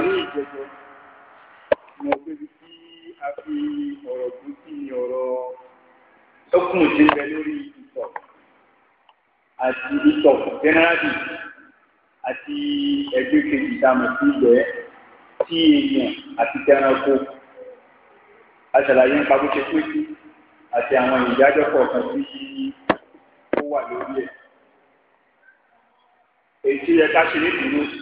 ní ìjẹjọ ní ọgbẹ́ bí tí a fi ọ̀rọ̀ gùn sí ní ọ̀rọ̀ tókùn ti bẹ lórí ìtọ̀ àti ìtọ̀ jẹ́nẹ́rálì àti ẹgbẹ́ kejì ìdámọ̀ sí ìgbẹ́ tí èèyàn àti tẹranko aṣàlàyé ń pabó ṣe pé sí àti àwọn ìdájọ́ kọ̀ọ̀kan tí ó wà lórí ẹ̀. èyí tí yẹ ká ṣe nídìí lóṣù.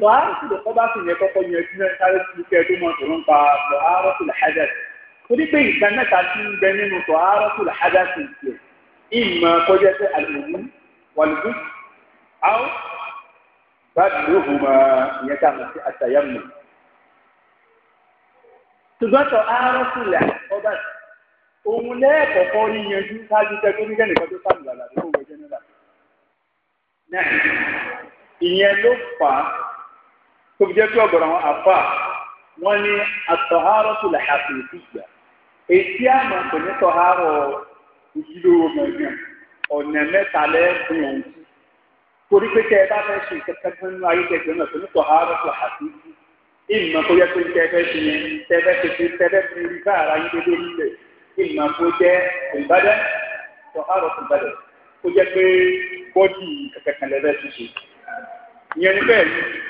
tọ́hárùsì lọ́kọ́ bá sì yẹn kọ́kọ́ yẹn tí sáré ti kẹ́ tó mọ̀ tó ń pa tọ́hárùsì làhájà sí. torí pé nǹkan mẹ́ta ti ń bẹ nínú tọ́hárùsì làhájà sí ìṣe ìmọ̀ kọjá sí àlùmí wàlùkù àwọn bàdúhùmá ìyẹn tá a mọ̀ sí àtàyàmù. ṣùgbọ́n tọ́hárùsì làhájà sí òun lẹ́ẹ̀kọ̀kọ́ yíyanjú ṣáájú tẹ́ tó ní kẹ́nìkan tó sàlùwàlà tó wọ ìyẹn ló fà á tó fi jẹ́ pé ọ̀gọ̀rọ̀ àwọn àfa wọn ní àtọ̀hárọ̀ tó lè hàpè ìdíjà èsì àmọ̀ kò ní tọ̀hárọ̀ ìdílówó gbọ̀ngàn ọ̀nà mẹ́ta lẹ́ẹ̀kún òun sí torí pé tẹ ẹ bá fẹ́ ṣe kẹkẹ fún inú ayé tẹ gbẹ́nà tó ní tọ̀hárọ̀ tó hàpè ìdíjà ìmọ̀ kó yẹ pé tẹ ẹ fẹ́ ṣe yẹn tẹ fẹ́ ṣe pé fẹ́ fi bá ara yín dédé nílẹ̀ ìmọ̀ kó jẹ́ ìbádẹ́ tọ̀hárọ̀ tó bàdẹ̀ kó jẹ́ pé bọ́dì kẹkẹ kan lẹ́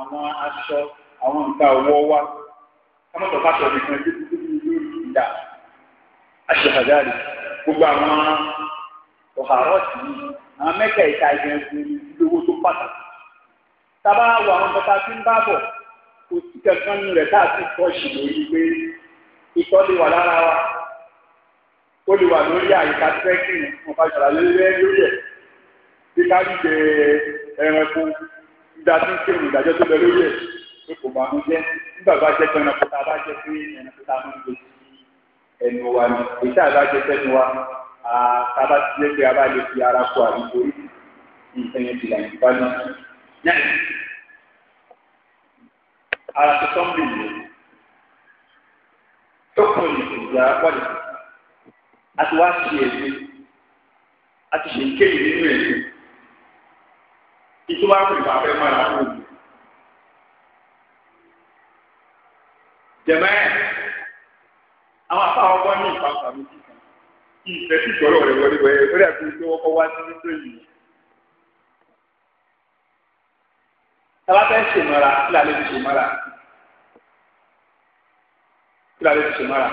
àwọn aṣọ àwọn nǹkan ọwọ́ wa kámọ́tò pàṣẹ nìkan tí kúkú ní ìlú ìdá aṣèkàdáàlì gbogbo àwọn ọ̀hárọ̀tì yìí àwọn mẹ́tẹ̀ẹ̀ta ìgbẹ́ ìgbẹ́ owó tó pàtàkì tábà wọ àwọn bàtà tí ń bá bọ̀ kò sí kankan rẹ̀ tá a ti kọ́ ṣì lórí pé ìtọ́ lè wà lára wa ó lè wà lórí àyíká trekking wọn bá ṣàlàyé lórí ẹ̀ bí ká rí jẹ ẹranko dájú ń kéwòn ìdájọ́ tó bẹ lórí ẹ̀ pé kò bá mú jẹ́ nígbà bá jẹ́ pé ẹranko tá a bá jẹ́ pé ẹranko tá a mú gbé ẹnu wa ni èyí tá a bá jẹ́ sẹ́nu wa tá a bá ti jẹ́ pé a bá lè fi ara kó àdúgbò rí nǹkan yẹn ti là bá ní. ara tuntun bì yìí tó kún ìdìbò ara pọ̀ a ti wá sí ẹ̀sìn a ti ṣe ń kéyìí nínú ẹ̀sìn títí wá pè bá fẹ́ mọ́ra ló lù. jẹ̀mẹ́ àwọn afáwọn ọgbọ́n ní ìpapà mi ti kàn kí ìfẹ́ sì sọ̀rọ̀ rẹ̀ wọlé wọlé lórí àti ìgbé wọ́kọ́ wá sí ní tóyìn yìí. tábà fẹ́ kí lálẹ́ fi ṣèmọ́ra kí lálẹ́ fi ṣèmọ́ra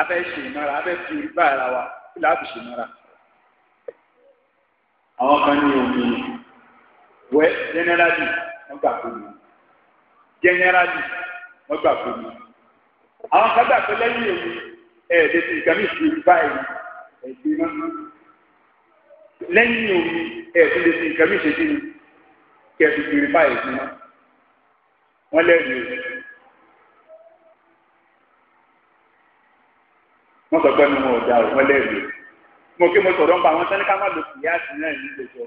afẹ́ ṣèmọ́ra afẹ́ fi bá ara wa kí lálẹ́ fi ṣèmọ́ra àwọn kan ní omi wẹ jẹnẹrali wọn gbà pé mi jẹnẹrali wọn gbà pé mi àwọn kan gbà pé lẹ́yìn omi ẹ tètè ìgbàmí ìṣèlú báyìí ẹ ti rán omi ẹ tún lè fi ìgbàmí ìṣèlú kẹfì kiri báyìí ti rán wọn lẹ́yìn omi. wọn sọ pé mi ò dá o wọn lẹ́yìn omi mo kí mo sọ̀rọ̀ ń pa àwọn tó ní ká má lo kìyàsì náà ní ìgbèjọ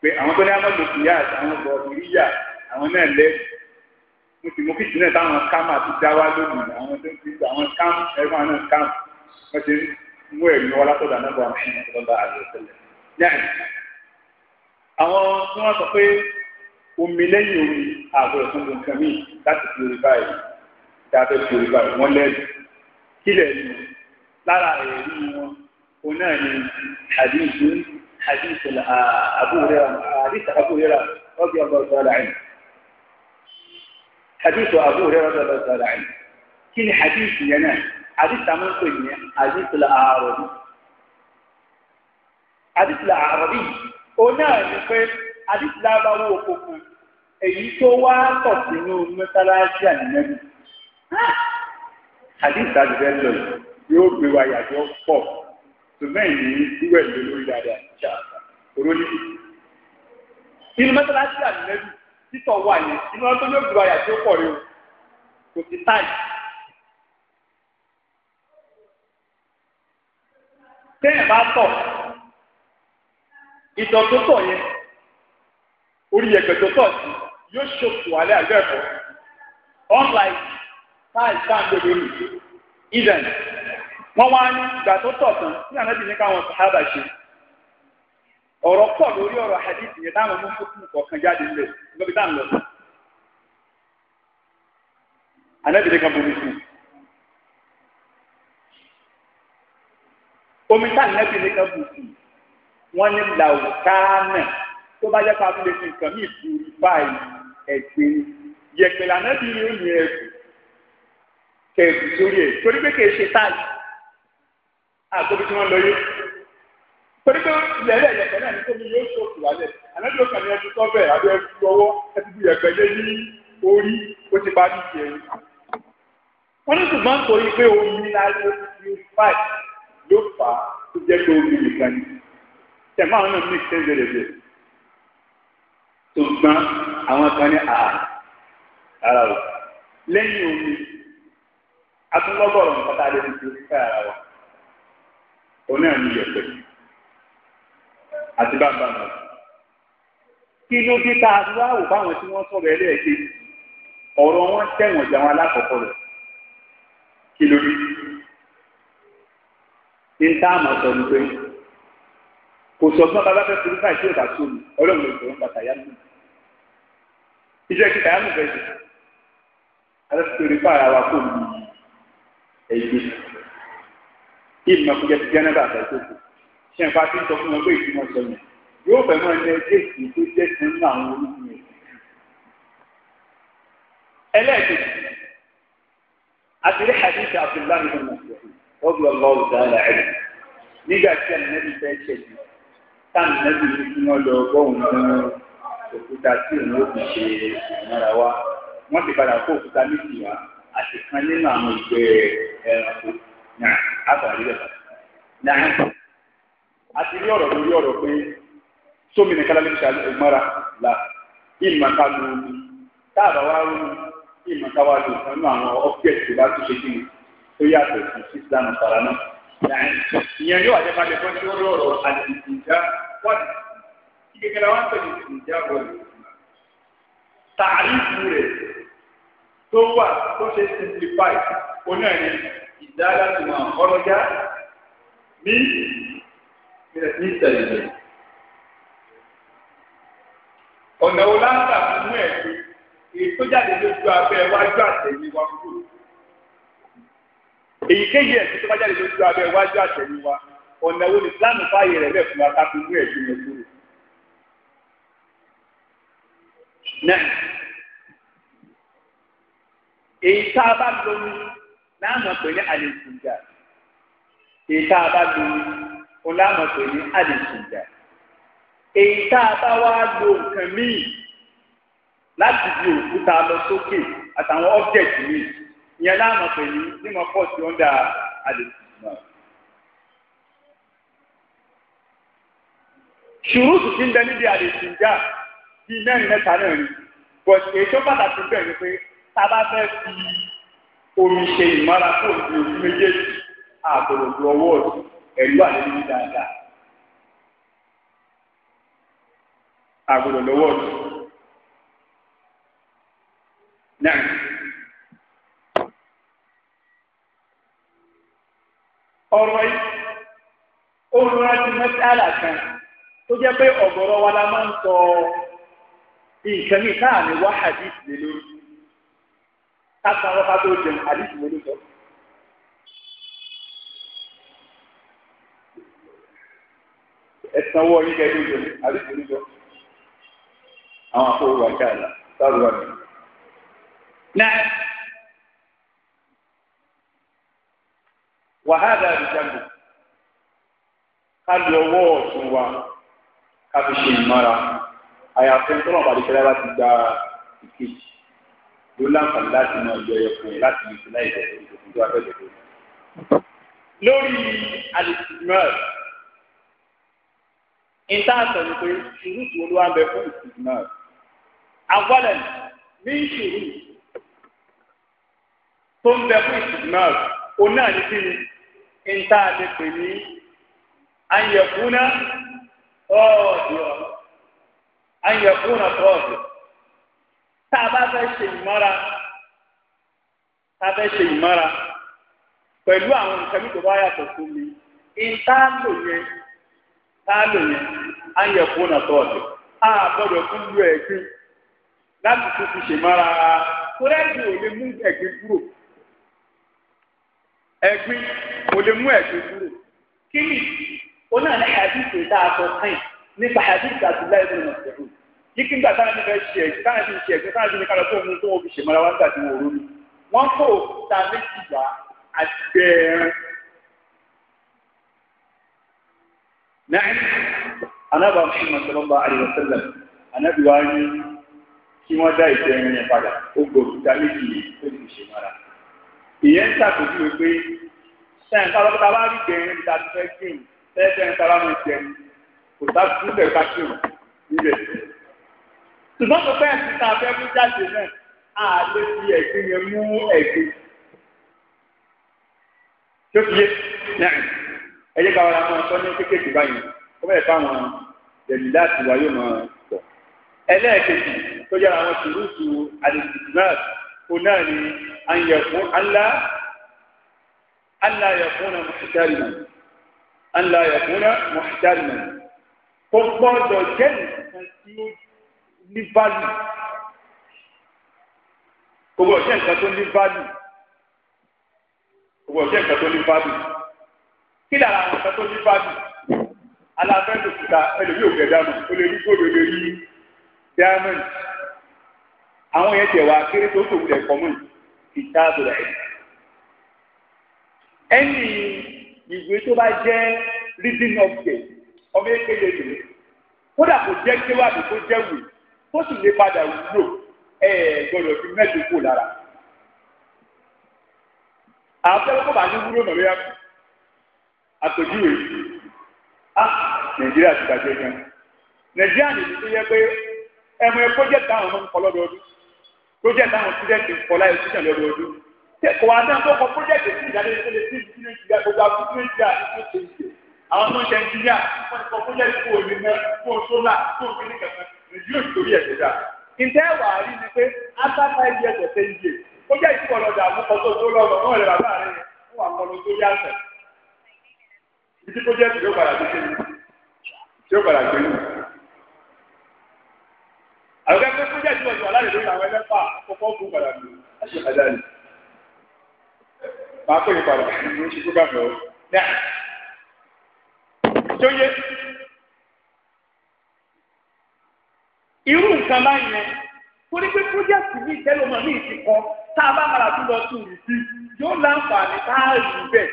pé àwọn tó ní ká má lo kìyàsì àwọn bọ̀ ìríyà àwọn náà lẹ́ mo sì mú kìsì náà táwọn kámù àti dáwà lónìí àwọn tó ń fi àwọn kámù ẹ̀fọn náà kámù wọ́n ti mú ẹ̀rí wọn látọ̀dọ̀ àná bọ̀ àwọn tí wọ́n sọ pé omi lẹ́yìn omi àgbẹ̀rẹ̀ fún nǹkan míì láti fi orí báyìí dábẹ́ fi orí báyìí wọ́n lẹ́nu kílẹ̀ nù lára ẹ̀rí wọn òun náà ni àdìsú àdìsú àbúrẹ́ra àdìsú àbúrẹ́ra ọ̀gbìn ọ̀gbà ọ̀sán àyìn àdìsú àbúrẹ́ra ọ̀gbà ọ̀sán àyìn kí ni àdìsú yẹn náà àdìsú àmọ́ pè ní àdìsú àròbí àdìsú àròbí òun náà ni pé àdìsú làbáwò òkùnkùn èyí tó wá pọ̀ sínú mẹ́sálásí ànínẹ́bí. àdìsú àdìsú ẹ̀ lọ yóò gbé wa yàtọ̀ pọ̀. ṣùgbọ́n ìní wíwẹ̀ ìlú lórí dáadáa ṣe àṣà oróní. inú mẹ́tàláṣí àdìmẹ́bí títọ̀ wà yẹn inú ọdún yóò gbọ́ àyà tí ó pọ̀ rí o kò sí táì. téèyàn bá tọ̀ ìtọ̀ tó tọ̀ yẹn orí ẹ̀gbẹ̀ tó tọ̀ wọ́n wá ní ìgbà tó tọ̀ tán ní ànábì ní káwọn sàhábà ṣe ọ̀rọ̀ pọ̀ lórí ọ̀rọ̀ hadith yẹn táwọn mú fún fún kọ̀ọ̀kan jáde nílẹ̀ níbi tá à ń lọ sí. ànábì ní ká bomi sí. omi tá ànábì ní ká bù sí wọ́n ní làwùkánà tó bá jẹ́ ká tó lè fi nǹkan mí ìfúri báyìí ẹ̀gbin yẹ̀pẹ̀lẹ̀ ànábì ní ó ní ẹ̀kú sórí ẹ̀ torí pé kì ṣe táàgì àtòbí tí wọ́n lọ yé torí pé lẹ́lẹ́ yẹ̀pẹ̀ náà ní tómi yóò ṣòkù wálẹ̀ ànájú ọ̀kan ni ẹtú tọ́ bẹ́ẹ̀ abẹ́ ẹtú ọwọ́ ẹtú bí yẹ̀pẹ̀ lé ní orí ó ti bá dìde ẹ̀rù. wọ́n ní ṣùgbọ́n torí pé omi láyé purify ló fà á tó jẹ́ pé omi nìkan ni tẹ̀mọ́ àwọn náà ní ìṣẹ́ńdẹ̀rẹ̀dẹ̀ ṣùgbọ́n àwọn kan ní ààrẹ ara rẹ̀ lẹ́yìn omi atúnlọ́gọ́rọ̀ nǹkan tá a lè fi purify ara wa oní àmì yẹ̀pẹ̀ àti bàbá mi. kí ló dé tá a wá wò báwọn tí wọ́n sọ̀rọ̀ ẹlẹ́ẹ̀kẹ́ ọ̀rọ̀ wọn tẹ̀wọ̀n jà wọn alákọ̀ọ́kọ́ rẹ̀ kí ló dé. ní tá a máa sọ ní pé kò sọ̀gbọ́n bàbá fẹ́ fún báyìí tí yóò bá sóòlù ọlọ́run ló ń bàtà yá nù. iṣẹ́ kíkà yá nù bẹ́ẹ̀ ni alẹ́ fi torí fún ara wa kó lu ẹ̀yìn ìmọ̀ kó jẹ́ ti jẹ́nẹ́bà àtàkùn ṣe ń fa ti ń sọ fún wọn pé ìtumọ̀ sọ̀rọ̀ yóò fẹ́ mọ́ ẹni ẹgbẹ́ ìsìn tó jẹ́ sí nínú àwọn olùkùn yẹn. ẹlẹ́ẹ̀kejì àtìrí hadith abdullahi bin mas'ud ọgbà ọlọ́wù dáhà ẹ̀ nígbà tí ànínẹ́bí fẹ́ ṣẹ̀dí táànínẹ́bí ní kí wọ́n lọ bọ́ọ̀n fún òkúta tí òun ó fi ṣe ìmọ̀ra wa wọ́n ti padà kó òkúta méjì wá àti kan nínú àwọn ìgbẹ́ ẹranko náà àtàrí rẹ̀ náà àti rí ọ̀rọ̀ lórí ọ̀rọ̀ pé sómi nìkan lálẹ́ ìṣàlẹ̀ ìmọ̀ra là ìmọ̀ ká lu omi táàbà wá rú ìmọ̀ ká wá lu ìkan nínú àwọn ọ́fíẹ̀sì bá tún ṣe kíni tó yàtọ̀ sí sísan ọ̀sára náà ìyẹn yóò àjẹpá lè fọ́n sí ọ̀rọ̀ ọ̀rọ̀ àdìsí ìjà wádìí kíkẹ́kẹ́ra wá ń pè ní ìjà bọ̀lù tààrífù rẹ̀ tó wà tó ṣe simplify oní ẹ̀yìn ìdára tó máa kọ́lọ́já ní ní ìtẹ̀lẹ̀. ọ̀nà wo láńtà fún mú ẹ̀ pé èyí tó jáde lójú abẹ́ wájú àtẹ̀yìn wa kúrò. èyíkéyìí ẹ̀sìn tó bá jáde lójú abẹ́ wájú àtẹ̀yìn wa ọ̀nà wo ni Islam fààyè rẹ̀ bẹ́ẹ̀ fún wa ká fi mú ẹ̀sìn yẹn kúrò. náà èyí tá a bá lóyún láàmú pè ní àlèsùnjà èyí tá a bá lu o láàmú pè ní àlèsùnjà èyí tá a bá wá lo nǹkan míì láti di òkúta lọ sókè àtàwọn ọ́bjẹ̀tì míì ìyẹn láàmú pè ní nímọ̀ pọ̀ sí ọ̀dà àlèsùnjà. ṣùrùtù ti ń bẹ níbi àlèsùnjà bíi mẹ́rin mẹ́ta náà ni bọ̀dé tó pàtàkì bẹ́ẹ̀ ni pé tá a bá fẹ́ fi omi ṣe ìmọ̀ra kó o di ojú méjèèjì àbọ̀rọ̀ ju ọwọ́ ọ̀dù ẹ̀lú àlejò dáadáa. àbọ̀rọ̀ lọ́wọ́ ọ̀dù. náà ọ̀rọ̀ yìí ó rọra ti mẹ́tàlá kan tó jẹ́ pé ọ̀gọ̀rọ̀ wa la máa ń sọ nǹkan ní káàmì wá hadith lé lórí kápá wọn ká tó jẹun àdìsí ló ló sọ. ẹ̀sán wọ yín kẹ́ tó jẹun àdìsí ló sọ. àwọn akówó wa ṣáà là sáà wà ní. náà wàhálà àdìjàmbù ká lu ọwọ́ ọ̀tún wa ká fi ṣe ìmọ̀ra àyàfi tó náà ti gba ìkejì ló láǹfààní láti mọ ọjọ́ ẹ̀kọ́ yẹn láti lè fi láì bẹ̀ ìṣòfin tó abẹ́lẹ̀ tó. lórí alistimar ìta sọ ni pé ṣùrùtù olúwa bẹ fún istimar àgbọ̀lẹ̀ ní ṣùrù tó ń bẹ fún istimar òun náà ní kí ni ìta lè pè ní ayẹ̀kúná ọ̀ọ́dì ọ̀ọ́ ayẹ̀kúná tá a bá fẹ́ ṣe ìmọ́ra tá a fẹ́ ṣe ìmọ́ra pẹ̀lú àwọn nǹkan mi tó bá yàtọ̀ fún mi ìta lò yẹn tá a lò yẹn á yẹ fún ọ̀nà tó ọ̀dọ̀ á gbọ́dọ̀ fún lu ẹ̀gbin láti tún fi ṣe mọ́ra tó rẹ́ẹ̀dì ò lè mú ẹ̀gbin kúrò ẹ̀gbin ò lè mú ẹ̀gbin kúrò kí ni onáà ní hadith tá a sọ kàn nípa hadith àti láìpẹ́ náà ṣẹ̀kùn yíkí ńgbà táwọn ẹni ṣe ẹ̀gbẹ́ táwọn ẹni ṣe ẹ̀gbẹ́ táwọn ẹni kálọ̀ tó ń tó wọn fi ṣe mọ́ra wọn gbà tí wọn ronú wọn kó ta méjì wá àti bẹ́ẹ̀rẹ̀ náà anábà Muhammad sallallahu alaihi wasallam anábì wá ní kí wọ́n dá ìjẹ́ ẹni yẹn padà ó gbòòrò ta méjì yẹn tó fi ṣe mọ́ra ìyẹn ń ṣàkóso pé sẹ́yìn táwọn bá rí gbẹ̀yìn níta tó fẹ́ gbìn sẹ́yìn táwọn bá rí gbẹ̀yìn kò sá ṣùgbọ́n tó fẹ́ ti ta fẹ́ mú jáde náà á lè fi ẹ̀gbin yẹn mú ẹ̀gbin. tó fi yé náà ẹ jẹ́ ká wọ́n máa sọ ní kékeré báyìí kó bẹ́ẹ̀ fáwọn ẹ̀mí láti wá yóò máa pọ̀. ẹlẹ́ẹ̀kejì tó yára wọn ti rúùtù àdìsìtì náà náà ni àyẹ̀fún ńlá ńlá yẹ̀fún náà mọ̀ṣítárì náà ńlá yẹ̀fún náà mọ̀ṣítárì náà kò gbọ́dọ̀ jẹ́ ní báàlù gbogbo ọ̀sẹ̀ nǹkan tó ní báàlù gbogbo ọ̀sẹ̀ nǹkan tó ní báàlù kí lára àwọn nǹkan tó ní báàlù aláfẹ́ ló ti ta ẹlòmíì òkè dànù ó lè rí gbòòrò lè rí diamond àwọn yẹn tẹ̀ wá kéré tó tó wulẹ̀ kọ́mọ̀ ìta àbúrò ẹ̀ ẹni ìwé tó bá jẹ́ reading object ọmọ ekele lè kódà kò jẹ́ kéwàá kò jẹ́ wèé tó sì lè padà wúlò ẹ gbọ́dọ̀ fi mẹ́tò kù lára. àwọn tẹ́lẹ̀ kó bá ní wúlò mọ̀ lóyà kù àpèjúwe a ah, nàìjíríà ti bàjẹ́ gan nàìjíríà nìyí tó yẹ pé ẹmu ẹ project táwọn ọmọ ń kọ lọ́dọọdún project táwọn student ń kọ láyé sísè lọ́dọọdún kò wá náà kọ́kọ́ project sí ìdálẹ́ ìṣẹ̀lẹ̀ sí ìdí nàìjíríà gbogbo àkókò nàìjíríà ìṣẹ̀lẹ̀ ìṣẹ̀lẹ̀ àwọn ọmọ nàìjíríà wọ́n ti kọ́ project kó omi náà kó sólà kó omi ní kẹfẹ́ yóò torí ẹ̀ ṣẹ̀dá. ǹjẹ́ wà á rí ni pé after five years of ten years ó jẹ́ ìtumọ̀ lọ́dà àmúkọ́tò tó lọ́rọ̀ náà rẹ̀ bàbá rẹ̀ ó wà kọ́ lọ sórí àṣẹ. ibi jẹ́ tí ó padà gbé tí ó padà gbé nù. àwọn akẹ́kọ̀ọ́ tó jẹ́ ìtumọ̀ ìwà láti lórí àwọn ẹlẹ́fà àkọ́kọ́ fún padà gbé ẹ̀ṣẹ̀ padà ní. máa pè é padà ní oṣù yẹ irú nǹkan báyẹn torí pé pọ́jẹ́tì mi tẹ́lọ̀mọ́ mi ti kọ́ tá a bá mara tó lọ sí ìrísí yóò láǹfààní tá a rí bẹ́ẹ̀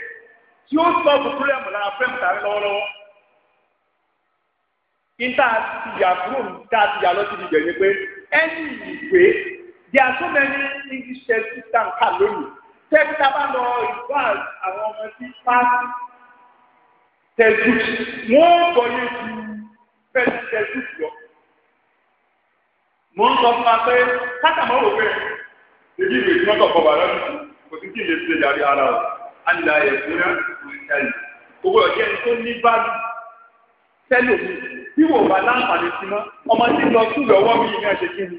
tí ó sọ gbogbo rẹ̀ mọ̀ lára tàbí lọ́wọ́lọ́wọ́ níta ti yà kúrò níta ti yà lọ síbi ìgbẹ̀yìn pé ẹni ìwé di asọ́mẹ́ni english test exam kà lónìí tẹ́kítà bá lọ ìgbà àwọn ọmọ sí pàṣẹ tẹ̀sùt wọ́n bọ̀ mo ń sọ fún wa pé kátàmọ́ wò pé èyí ìwé tí wọ́n tọ̀ kọ́ wà lọ́dún kò sí kí n lè ṣe yàrá ara o ànilà ẹ̀ fúnra òrìṣà yìí gbogbo ọ̀jẹ́ ẹni tó ní bá tẹ́lò tí wò wá láǹfààní sí mọ́ ọmọ tí lọ sùn lọ́wọ́ mi ní ẹ̀ṣẹ̀ kí ni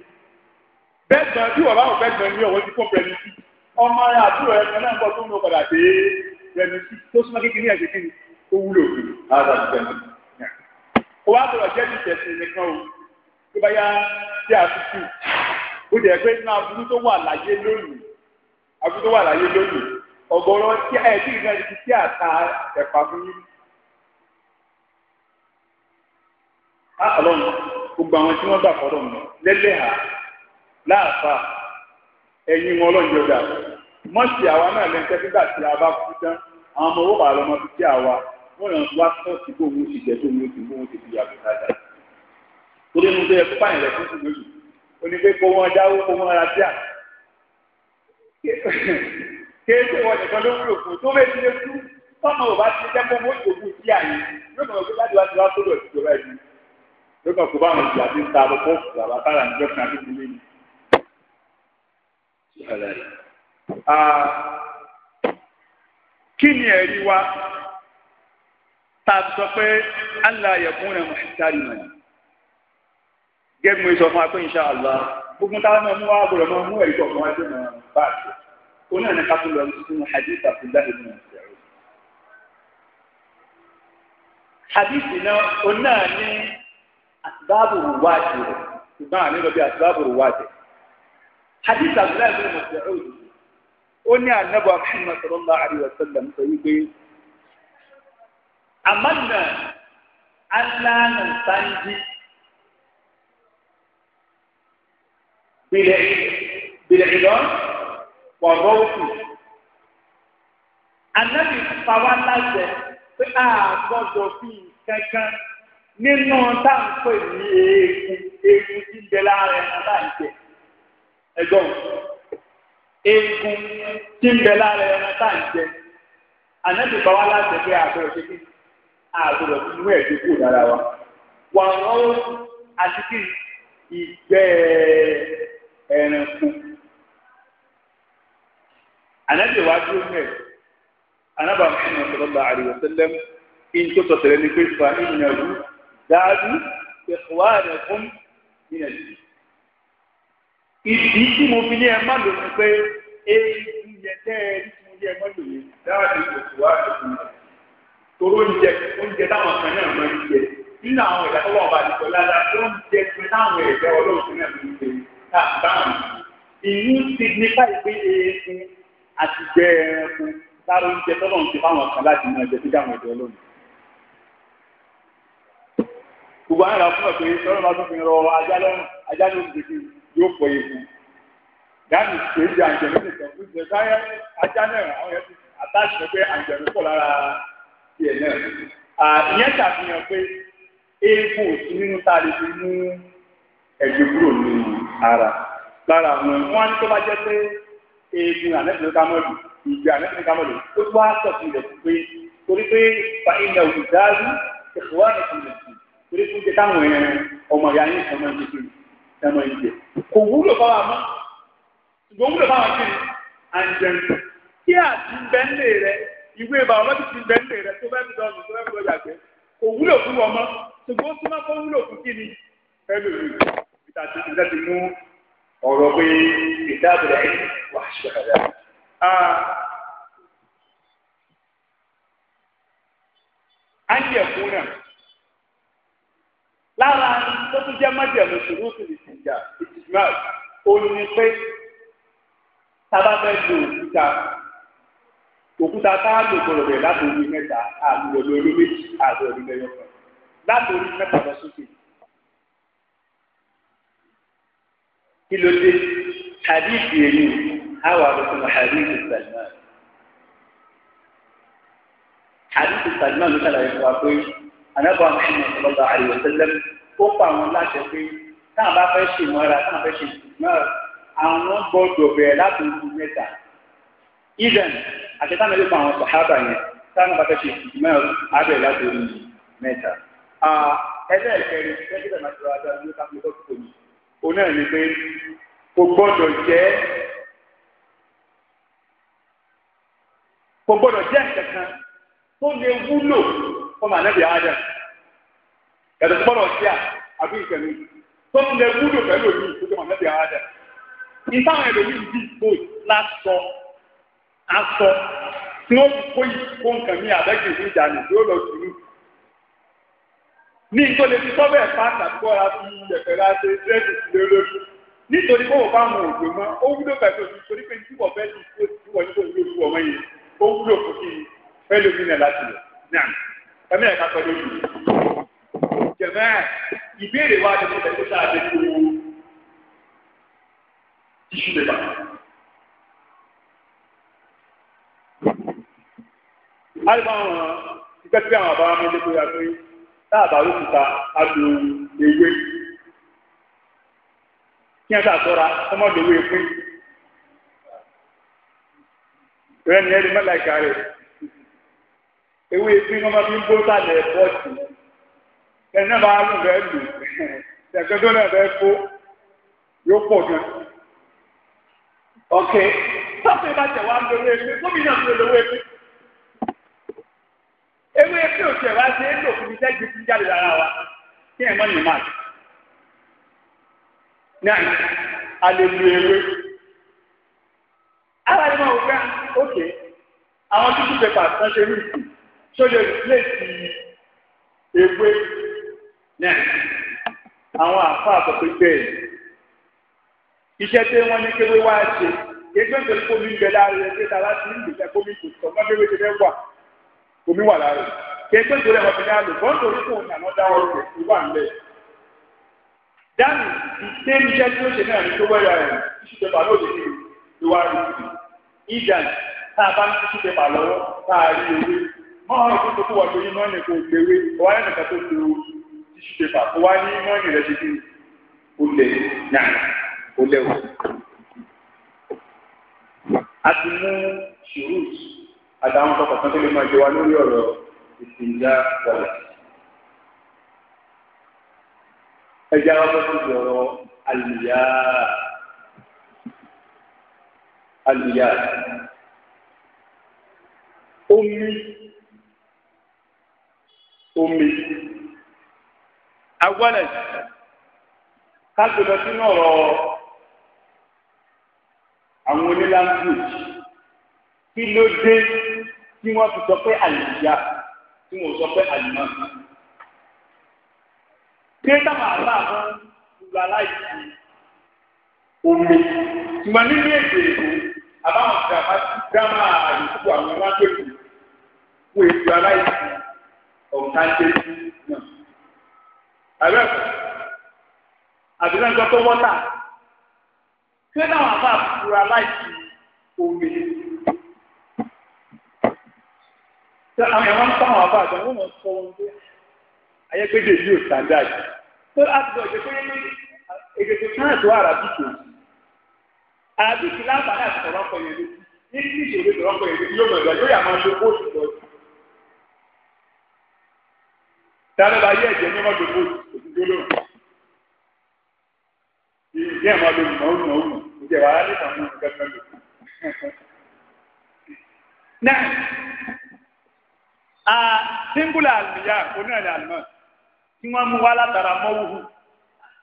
bẹ́ẹ̀ gan bí wọ́n bá wọ̀ bẹ́ẹ̀ gan ní ọ̀wọ́ tí kò pẹ̀lú sí ọmọ àbúrò ẹ̀ náà ń bọ̀ tó ń lọ padà dé pẹ̀lú sí tó súnmọ́ kékeré ẹ̀ṣẹ̀ kí ni ó wúlò tó bá yá sí àtúntò ó jẹ́ pé nínú aburú tó wà láyé lónìí aburú tó wà láyé lónìí ọ̀gọ̀rọ̀ tí ẹ̀ tí ìgbà ti tí àta ẹ̀pà fún yín. á ọlọ́run gbogbo àwọn tí wọ́n gbà fọ́dọ̀ mi lẹ́lẹ́hà láàfà ẹ̀yin wọn ọlọ́run jọ̀dá mọ́sí àwa náà lẹ́ńtẹ́ nígbà tí a bá kú tán àwọn ọmọ owó bàálọ́mọ fi tí àwa wọ́n yàn wá sọ́ọ̀tì bóun ó ti jẹ́ tóun ó ti bóun ó ti fi yàgò dáadáa torí inú tó yẹ kó báyìí lẹ fún sùn lóṣù onígbé kó wọn dáwó kó wọn ara tíà kéésì wọn nìkan ló wúlò fún tó bẹ ti lé kú tọ́nà ò bá ti jẹ́ kó wọ́n ìdòkú sí àyè yóò mọ̀ pé láti wá ti wá tó lọ ìjọba ẹ̀dùn yóò mọ̀ kó bá àwọn ìjọba ti ń ta àbọ̀kọ́ bàbá kára níjọ́ kan àti ìdílé ni. kí ni ẹ̀rí wa tá a sọ pé Allah yẹ fún ẹ̀ mọ̀ ṣáà rí mọ̀ ní gẹ́gẹ́ mi sọ fún wa pé insha Allah gbogbo táwọn ọmọ wa gbọdọ̀ máa mú ẹ̀rí kọ̀ọ̀kan wájú náà bá a ṣe oní ẹ̀ní ká tún lọ sínú hadith Abdullahi ibn Mas'ud. hadith náà oní náà ní asbáàbù wájú rẹ̀ ṣùgbọ́n àmì lọ bí asbáàbù wájú. hadith Abdullahi ibn Mas'ud ó ní ànábì Muhammad sallallahu alaihi wa sallam sọ yí pé àmàlà bìlẹ̀ìlọ́n pọ̀rọ́ọ̀tù. Ànábì pàwọ́ aláṣẹ pé a gbọ́dọ̀ fi kankan nínú táǹpẹ̀ ní eegun eegun tí ń bẹ lára ẹran láìjẹ. Ẹ̀gbọ́n eegun tí ń bẹ lára ẹran láìjẹ. Ànábì pàwọ́ aláṣẹ pé a gbọ́dọ̀ ṣe kí a gbọ́dọ̀ fi inú ẹ̀dín kù lára wa. Wà wọ́n àti ẹran kú anabi wa dúró mẹ anaba muhammed sallallahu alayhi wa sallam in tó tọ̀tẹ̀lẹ̀ ní pé fa ìnáwó dáadú ìwádìí fún ìnáwó ìdí tí mo fi ní ẹ má lò ní pé èyí yẹn tẹ́ ẹ ní tí mo ní ẹ má lò ní dáadú ìwádìí fún ìnáwó toró oúnjẹ oúnjẹ táwọn kan náà máa ń jẹ nínú àwọn ìdájọ́ wọn bá ti sọ táwọn ẹ̀jẹ̀ ọlọ́run náà ń jẹ kàbáàm ìlú signifá ìpín eéfún àti jẹ ẹranko lára oúnjẹ tọ́lọ̀ ń ti fáwọn kan láti máa jẹ síjà àwọn ẹ̀dọ́ lónìí. gbogbo àwọn ìlànà fún ẹ̀ pé tọ́lọ̀ máa tún fi rọ ajá lọ́rùn ajá ló ń dèjì yóò pọ̀ eéfún. gáàmì ṣe é di àǹjẹ̀lú nìkan fún ìṣẹ̀ sáyẹ́ ajá náà àwọn yẹn ti àtàṣe pé àǹjẹ̀lú pọ̀ lára tiẹ̀ náà. ìyẹn ṣàfihàn pé eéfún òsì nínú tá a lè fi mú ẹ̀jẹ̀ kúrò nínú ara lára àwọn wọn ní tó bá jẹ́ pé eegun ànẹ́tìní kámọ́lù ìgbà ànẹ́tìní kámọ́lù ó tún wá sọ̀tún ilẹ̀ fún pé torí pé fa ilẹ̀ òkú dáàbò ìfọwọ́ ànẹ́tìní lẹ̀ sí torí fún jẹ táwọn ọmọ ìyá yín ọmọ ìjẹ kiri ọmọ ìjẹ kò wúlò fáwọn àmọ́ ṣùgbọ́n wúlò fáwọn kiri àǹjẹ̀ǹ kí àti bẹ́ńdè rẹ ìwé bàọ́lọ́jì ti bẹ́ńdè rẹ tó bẹ́ẹ̀ dọ́ọ̀nù tó bẹ́ẹ̀ dọ́ọ̀jà gbẹ kò wúlò fún ọmọ ṣùgbọ́n ó tún má fọ́ wúlò fún kí ni ẹlòmíràn níta ti níta ti mú ọ̀rọ̀ pé ìdábìlẹ̀ ẹ̀yìn wà ṣe kàdá. a ń yẹ fún náà lára tó tún jẹ́ májèmú ṣòro tó lè sìn jà ìtìjúmọ́ òní pé tábà fẹ́ lo òkúta òkúta tá a lò gbọdọ̀ bẹ̀ láti orí mẹ́ta àlùyọ̀ lórí méjì àlùyọ̀ láti orí mẹ́ta lọ sókè. kí ló dé hadithi èyí àwọn àlùkùn hadithi Salman hadithi Salman ló ṣàlàyé fún wa pé anábọ̀ Muhammad sallallahu alaihi wasallam ó pa àwọn láṣẹ pé táà bá fẹ́ ṣe ìmọ̀ra táà fẹ́ ṣe ìmọ̀ra àwọn gbọ́dọ̀ bẹ̀rẹ̀ láti oṣù mẹ́ta even àti táwọn ẹlẹ́gbọ̀n àwọn sàhábà yẹn táwọn bá fẹ́ ṣe ìmọ̀ra abẹ̀rẹ̀ láti oṣù mẹ́ta ah, ẹlẹ́ẹ̀kẹrin ẹgbẹ́ ìdàgbàsọ òun náà ni pé kò gbọ́dọ̀ jẹ́ kò gbọ́dọ̀ jẹ́ kankan tó lè wúlò fọmọ ànábì ádà yàtọ̀ tó gbọ́dọ̀ ṣíà àbí ìkànnì tó lè wúlò pẹ̀lú òní ìfowópamọ́ ànábì ádà ìtàwọn ẹlòmíì bí ìfò lásọ asọ tí wọ́n kó ìfowópamọ́ àbẹ́kẹ̀sí tí ó lọ ní ìtò lè fi sọ́bẹ̀ pa àtàkùkọ́ra fi yẹ̀pẹ̀rẹ̀ àti dírẹ́sì sílẹ̀ lórí nítorí bó o bá mọ òjò mọ́ ó wúlò pẹ̀lú òjò torí pé tí wọ́n fẹ́ ti kó tí wọ́n ní kó ní oṣù ọmọ yìí ó wúlò fún kí ẹlòmíì náà láti lọ ní àná ẹmí ẹ̀ka pẹ̀lú òjò. jẹ̀mẹ́ ìbéèrè wa ti ṣẹlẹ̀ tó sáà lẹ́nu owó tíṣù lè bà. alùpàá wọn ti gbẹ́sí táàbà ló ti ta adò ewé kí ẹ ta sọra ọmọdé pín rẹ ni ẹni mẹlẹka rẹ ewé pín ọmọ fi ń bó sálẹ̀ pọtì ẹni bá lù rẹ lù ẹgbẹdọ náà rẹ kó yóò pọ̀ gan ok sáfẹ bá tẹ wá ń lo ewé pín gómìnà ń lo ewé pín ewé tí òtún ẹ̀ wá ṣe é lò fún iṣẹ́ gbèsè jáde lára wa kí ẹ̀ mọ́ ní máa náà a lè lu ewé àwọn ẹni máa wò pé ókè àwọn títí pépà kan ṣe ní ìsìn tó lè lè fi ewé náà àwọn àfa àkọ́kọ́ bẹ́ẹ̀ iṣẹ́ tí wọ́n ní kéwé wá ṣe kéjọ́ ìjọba kómi ń bẹ láàrin ẹgbẹ́ tá a bá ti ń bìtẹ́ kómi kò sọ fún omi wà lára kẹgbẹ́ ìgbòlẹ̀ wọn fi dáàlù bọ́ńdò orí kò nàná dáwọ́ rẹ̀ tó wà ńlẹ̀ dáàlù ìṣe iṣẹ́ tí ó ṣe náà ní tó wẹ́yà rẹ̀ tíṣù pépà ló lè fi ìwà rẹ̀ sí ìjà tá a bá ń tíṣù pépà lọ́wọ́ tá a rí ewé máa ń tó tó wà lórí mọ́ọ̀nì kò gbèrè ọwọ́ ẹ̀ nìkan tó gbèrò tíṣù pépà kó wá ní mọ́ọ̀nì rẹ̀ ṣe kí o lè àtàwọn ọkọ̀ kan tó lè máa jẹ wa lórí ọ̀rọ̀ ìsìnjá wọlé. ẹja wa fẹ́ fi ọ̀rọ̀ àlùyá àlùyá omi omi agbọ́nẹ̀ káàtó lọ sínú àwọn onílànà kí ló dé tí wọ́n ti sọ pé àlìyá tí wọ́n sọ pé àlìmọ́. Ṣé táwọn àbá àwọn ìlúra láìsí omi? Ṣùgbọ́n nínú èdè èdè àbáwọn ìjàmbá ti dáná àyùkú àwọn ọmọ akéwì fún èdè aláìsí ọ̀ǹkàndéjì náà. Àbẹ̀ àbílẹ̀ ń sọ pé wọ́tà. Ṣé táwọn àbá àbúrò aláìsí omi? ṣe àwọn èèyàn máa ń fáwọn àbá àgbà wọn máa ń sọ wọn pé ayẹ́gbẹ́dẹ̀ yóò standard tó láti lọ ìgbẹ́ pé èdèkè náà tó àràbìkì àràbìkì láǹfààní àti ọ̀rọ̀ ọkọ̀ yẹn ní ní ìṣèlú ọ̀rọ̀ ọkọ̀ yẹn yóò mọ̀ ìgbà yóò yà máa lo bóòtù lọ sí. dáná bá yẹ ẹ̀jẹ̀ ní wọ́n lo bóòtù òdúdó lóhùn. ìyẹn a síngúlà àlùyá oní ẹ̀rẹ̀ àlùmọ́ tí wọ́n mú wá látara mọ́wúhù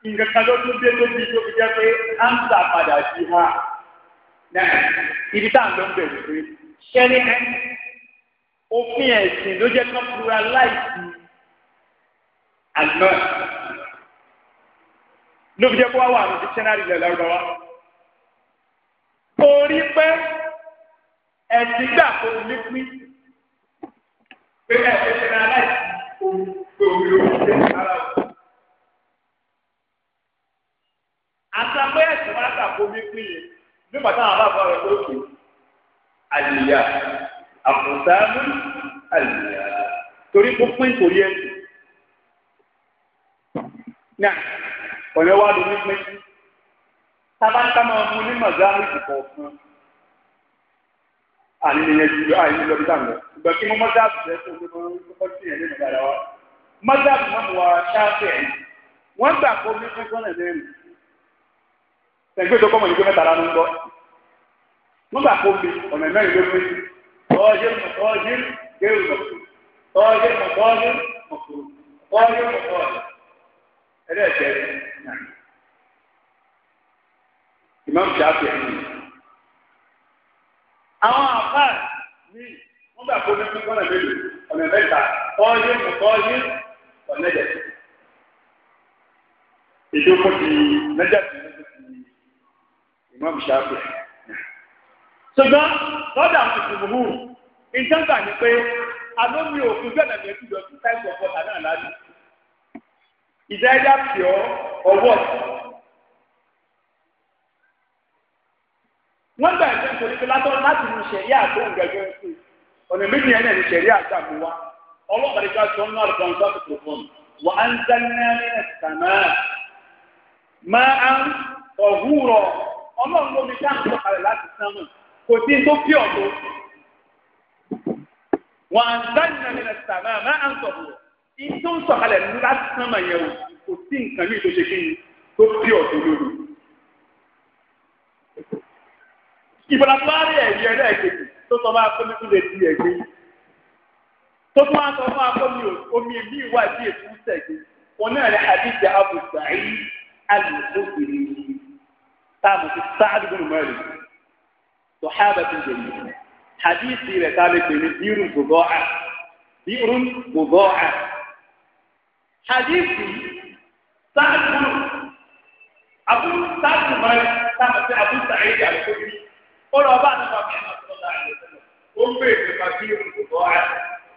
nǹkan kan ló tún dé lóbi tó fi jẹ́ pé à ń sà padà sí ha náà ibi tá à ń lọ ń bẹ̀rù pé ṣẹ́rí ẹ́ òfin ẹ̀sìn ló jẹ́ kán fura láìsí àlùmọ́ ló fi kó wá wà ní dictionary ilẹ̀ lọ́wọ́ torí pé ẹ̀sìn gbà kó ní pín pé ẹ o. àtàwọn ẹ̀sìn máa ń tàkó mi pín yìí nígbà táwọn àbábọ̀ rẹ̀ tó kù àlìyá àfùsàmù àlìyá torí kó pín torí ẹ̀sìn. náà ọ̀rẹ́ wa ló ní pín tábà ń ká máa mú ní màgáàmù ìdìbò fún àní ní ẹjú lọ àní lọ bí dáhùn ìgbà kí mo mọ́dáàbù rẹ tó gbogbo kọ́kọ́ sí ẹ̀ lẹ́nu dára wa mọ́dáàbù náà mo wà ṣáàfẹ́ ẹ̀ wọ́n gbà kó ní fún sọ́nà lẹ́nu ẹgbẹ́ tó kọ́ mọ̀ nígbẹ́ mẹ́ta lánàá ń bọ̀ wọ́n gbà kó mi ọ̀nà mẹ́rin ló pé tọ́jú tọ́jú gẹ́rù lọ́kùn tọ́jú tọ́jú lọ́kùn tọ́jú tọ́jú ẹ̀rẹ́ ẹ̀jẹ̀ náà ìmọ̀ ṣáàfẹ́ ẹ̀ àwọn àbá ní wọ́n gbà kó ní pípọ́n náà lélẹ̀ ọ̀nà mẹ́ta tọ́yé kò tọ́yé ọ̀nẹ́jẹ̀. èdè oko ti nẹ́jà ti nẹ́jà ti ìmọ̀ ìṣàkó. ṣùgbọ́n lọ́dà àwọn ìṣòwò ìjọba ni pé alómi òkun gbọ́dọ̀ ní ẹbí lọ sí táìpù ọ̀pọ̀ tàbí àlàáfíà. ìdá ẹja pìọ́ ọwọ́ ọ̀sán. pé látọ̀ láti nu sẹ̀rí àgbo ǹgàgbẹ́ ń sè ọ̀nà méjì yẹn náà ni sẹ̀rí àgbà mú wa ọlọ́pàá ní ká sọ ọ́nà àrùn tó ń fún wa á ń zanná ní ẹ̀sánná máa ń ọ̀húrọ̀ ọlọ́run lómi dá ń sọ̀kalẹ̀ láti sánmọ̀ kò sí tó pí ọ̀tọ̀ wa á ń zanná ní ẹ̀sánná máa ń sọ̀húrọ̀ ìtò ń sọ̀kalẹ̀ láti sánmọ̀ yẹn o kò sí nǹkan mí ìbọn abúlé ẹ̀rí ẹ̀rí ẹ̀kejì tó sọ fún akọ́ni tó lè di ẹ̀gbẹ́ tó tún wá sọ fún akọ́ni omi èmi ìwà ìdí èkú sẹ̀gbẹ́ wọn náà rẹ̀ àdíjà Abu Sa'id al-Khudri táàmù ti Sa'd ibn Malik sọ̀hábà ti jẹ̀ mí hadithi rẹ̀ tá lè pè bírun gbogbo à bírun gbogbo à hadithi Sa'd ibn Abu Sa'd ibn táàmù ti Abu Sa'id ó lọ bá nípa bí ẹ̀ma tó lọ ó ń bèèrè nípa bí olùkọ́ ayé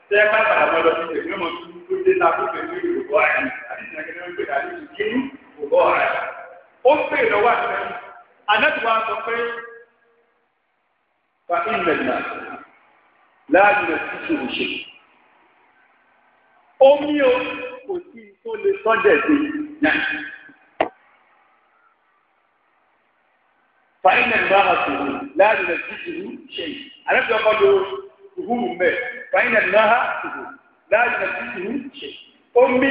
tẹ́ ẹ bá bàrà wọn lọ sí ìwé mọ̀ tó dé ta kó pẹ̀lú olùkọ́ ayé àti ìdílé ń bèèrè àti ìdílé olùkọ́ ayé ó ń lọ́wọ́ àti ànátìwá sọ rẹ̀ sí ìṣòro ṣe omi o kò sí tó lè sọ́jà ẹ̀sìn náà. فإن الله سبحانه láàrin rẹ̀ ti tìlú ṣe yìí àlejò ọkọ ló ìhú mẹ fàyínà náà tìlú láàrin rẹ̀ ti tìlú ṣe yìí omi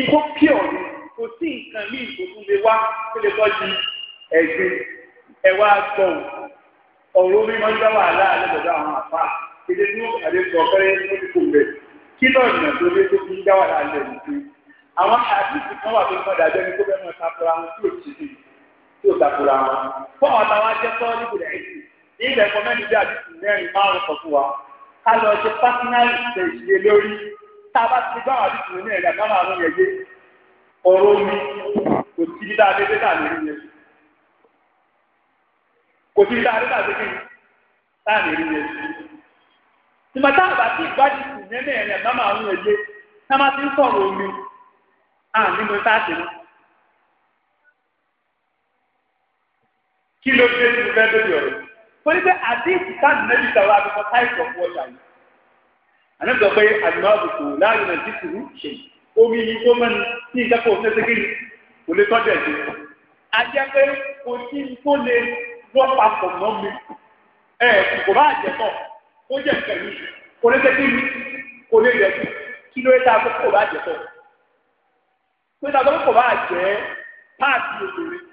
igbó pure ni kò sí nǹkan míì tó tún lè wá tó lè tọ́ di ẹ̀gbin ẹ̀wà gbọ̀ ọ̀rọ̀ omi máa ń dá wàhálà lọ́dọ̀ àwọn àfa kéde tí wọ́n kàdé sọ fẹ́rẹ́ tó ti kò mẹ́ kí lọ́ọ̀nà tó lé tó fi ń dá wàhálà lẹ̀ nìkan àwọn àdìsí kan wà tó ń padà jẹ́ ní kó fẹ́ máa ta fúra wọn tí ti dì tí ó takora wọn fún àwọn táwa jẹ tọ́ níbùdó ẹ̀sìn ní ilẹ̀ ẹ̀kọ́ mẹ́rin bí àdìsí mẹ́rin márùn sọ fún wa ká lọ ṣe lórí tá a bá ti omi kò sí ibi tá a dé yẹn kò sí ibi tá a dé a bá ti kí ló dé ní fẹ́ lórí ọ̀rọ̀ torí pé àdéhùn sáà nẹ́bí sọ̀rọ̀ àbíkọ táìsọ̀ fún ọjà yìí ànágbà pé àdìmọ́ àbùkù láàrin náà títí rú ṣe omi yìí tó mẹ́nu ní ìdákọ̀ òfin ṣẹ́gẹ́rì kò lè tọ́jú ẹ̀jẹ̀ ajẹ́ pé kò sí tó lè wọ́ papọ̀ mọ́ mi ẹ̀ kò bá jẹ́ tọ̀ kó jẹ́ pẹ̀lú kò lè ṣẹ́gẹ́rì kò lè rẹ̀ kí ló dé àkókò bá jẹ́ tọ̀ pé àkókò bá jẹ́ páàkì obìnrin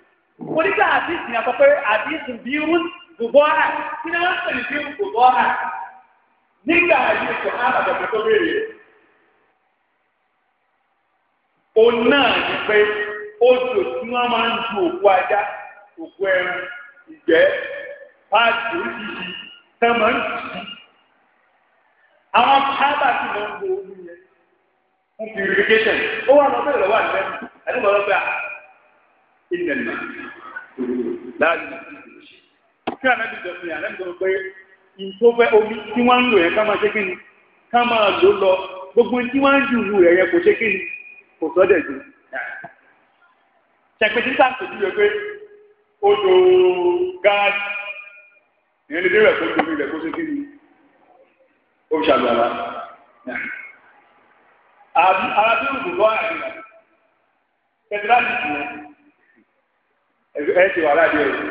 onígbà àdìsí ni a sọ pé àdìsí bí irun bùbọ́ra kí ni wọ́n pè ní bí irun bùbọ́ra nígbà yìí kò á bàbá tó tó béèrè òun náà ni pé odò tí wọ́n máa ń ju òkú ajá òkú ẹran ìgbẹ́ páàkì oríṣiríṣi tẹ́ máa ń jù sí àwọn pábà tí wọ́n ń lo omi yẹn fún purification ó wà lọ́bẹ̀ lọ́wọ́ àgbẹ̀ àdúgbò lọ́bẹ̀ à ìnẹ̀nà láàyè kí ànábì jọ fi ànábì jọ pé ìtòfẹ́ omi tí wọ́n ń lò yẹn ká máa ṣe kí ni ká máa lò lọ gbogbo tí wọ́n ń jùlù rẹ̀ yẹn kò ṣe kí ni kò sọ́dẹ̀ jù. ṣèpèjì tá a ṣèjú rẹ pé odò gáàsì ìyẹn lè dé rẹ̀ kó tóbi rẹ̀ kó ṣe kí ni ó ṣàlùwàlà àbí arábìnrin kò bọ́ àyè rẹ̀ pẹ̀tẹ́rẹ́ àti tìǹbù ẹ ti wà ládìí ẹ̀yìn.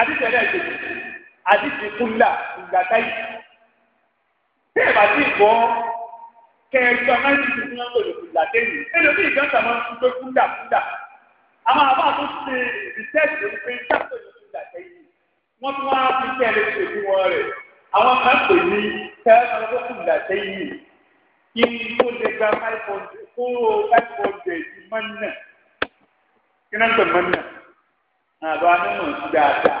àdìsẹ́lẹ̀ ẹ̀jẹ̀ àdìsẹ́ kúlà ìgbà táyì. bí ẹ bá ti gbọ́ kẹjọ máa ń tuntun fún ọkọ̀ lòkùn làtẹ́yìn ẹlòmí ìjọba máa ń tún pé kúlà kúlà. àwọn àbá tó ṣe rìsẹ́ẹ̀tì ló pé sáfẹ́ lòkùn làtẹ́yìn wọ́n tún wá fi kí ẹ lè ṣe fún wọn rẹ̀ àwọn kan pè ní kẹ́ẹ́ ọlọ́kùn làtẹ́yìn kí n tó lè gba five hundred kó five hundred mọ́nà kí náà pè mọ́nà àbá nínú dáadáa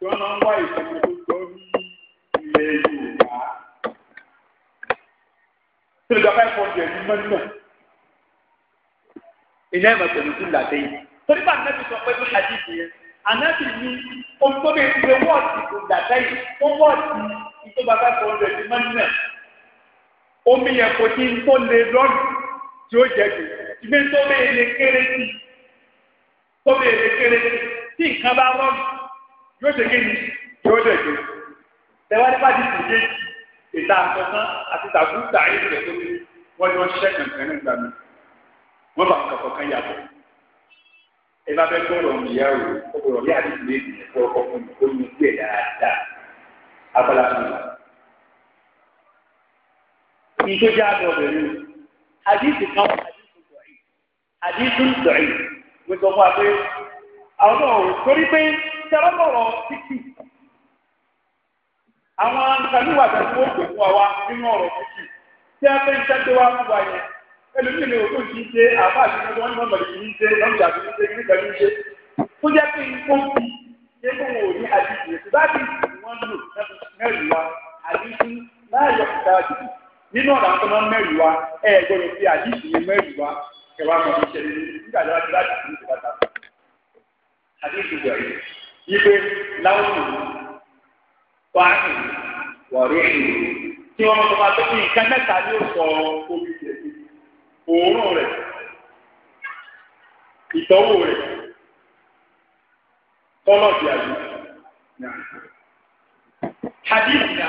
tó ń wá ìṣẹ̀lẹ̀ tó jọ ní ilẹ̀ Yorùbá tó lè gba five hundred mọ́nà ìyá ìmọ̀ pẹ̀lú tó là dé yìí torí bá anábì sọ pé ló ṣáájú ìdíyẹ anábì ní ohun tó bẹ ti lè wọ́ọ̀tì tó là dé yìí ó wọ́ọ̀tì ìtọ́ba omi yẹn kò ní tó lè lọ́rùn tí ó jẹ jù ìgbé tó bẹ́ẹ̀ lè kéré sí tó bẹ́ẹ̀ lè kéré sí tí nǹkan bá rọ́ọ̀lù yóò ṣe kéde yóò jẹ jù tẹ̀wá nípa ti sì dé ìta àtọ̀tán àti tàbúta ayélujára tó bí wọ́n ní wọ́n ṣiṣẹ́ kankan nígbà mi wọ́n bá kankan kan yàtọ̀ ẹ bá fẹ́ gbọ́dọ̀ ìyá o gbọ́dọ̀ bí àdéhùn lè dìé fún ọkọ̀ fún mi ó ní àdìsí kan àdìsí dọ̀yì àdìsí dọ̀yì mo sọ fún wa pé àwọn náà ò torí pé sábàbọ̀rọ̀ títì àwọn nǹkanúwà tàbí wọ́n gbé fún wa nínú ọ̀rọ̀ títì tí a fẹ́ ń ṣẹ́gbẹ́ wa fún wa yẹn ẹlòmíì ni òkú ti ń ṣe àbá àti ọmọ ní ọmọ ìlú ń ṣe lọ́mọdé àti ìṣe ní ìgbà ní ṣe tó jẹ́ pé nǹkan fi ṣe kó wọn ò ní àdìsí ètò bá dì wọ́n lò mẹ́rin wa àdìsí láàyò ìta àdìsí nínú ọ̀dà tó máa ń mẹ́rin wa ẹ gbọ́dọ̀ fi àdìsí yẹn mẹ́rin wa kẹwàá máa fi ṣẹlẹ̀ nígbà tí wọ́n ti láti fi ìjọba ta àdìsí wẹ̀ yìí yípe láwùjọ wàhálì tí wọ́n mọ̀ tó máa tó kí nǹkan mẹ́ta ní òsọ omi rẹ̀ òórùn rẹ̀ ìtọ́wò rẹ̀ kọ́lọ̀dì àdìsí. Hadith ni a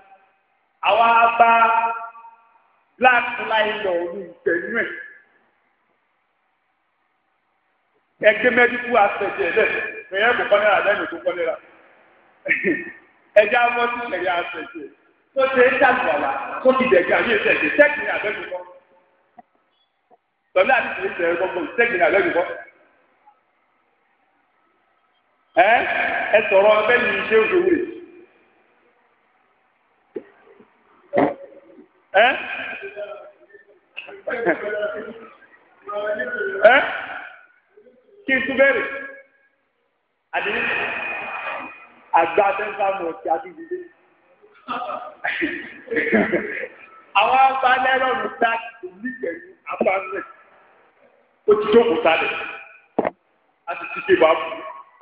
àwa bá black láìlọ olùtẹ̀yìn ẹ̀ ẹgbẹ́ mẹ́díkù àtẹ̀jẹ̀ lẹ̀ ẹ̀yẹ́ kò kọ́ náírà lẹ́nu tó kọ́ náírà ẹ̀jẹ̀ àwọn tí ìṣẹ̀lẹ̀ àtẹ̀jẹ̀ tó ṣe é dàgbàlá tó ti dẹ̀gbẹ́ àyè ìṣẹ̀jẹ̀ tẹ́kìnì àbẹ́nu kọ́ tọ́lá àti ìṣẹ̀lẹ̀ gbọ́gbọ́n tẹ́kìnì àbẹ́nu kọ́ ẹ sọ̀rọ̀ abẹ́ni iṣẹ́ òṣèwé ẹ́ ẹ́ kí n tún bẹ̀rẹ̀ àdéhùn àgbà tẹ́sánù ọ̀tí àwọn abalẹ́rọ̀rù tá a ti tò nígbẹ̀rù abánúẹ̀ ó ti jókòó sálẹ̀ a ti ti débò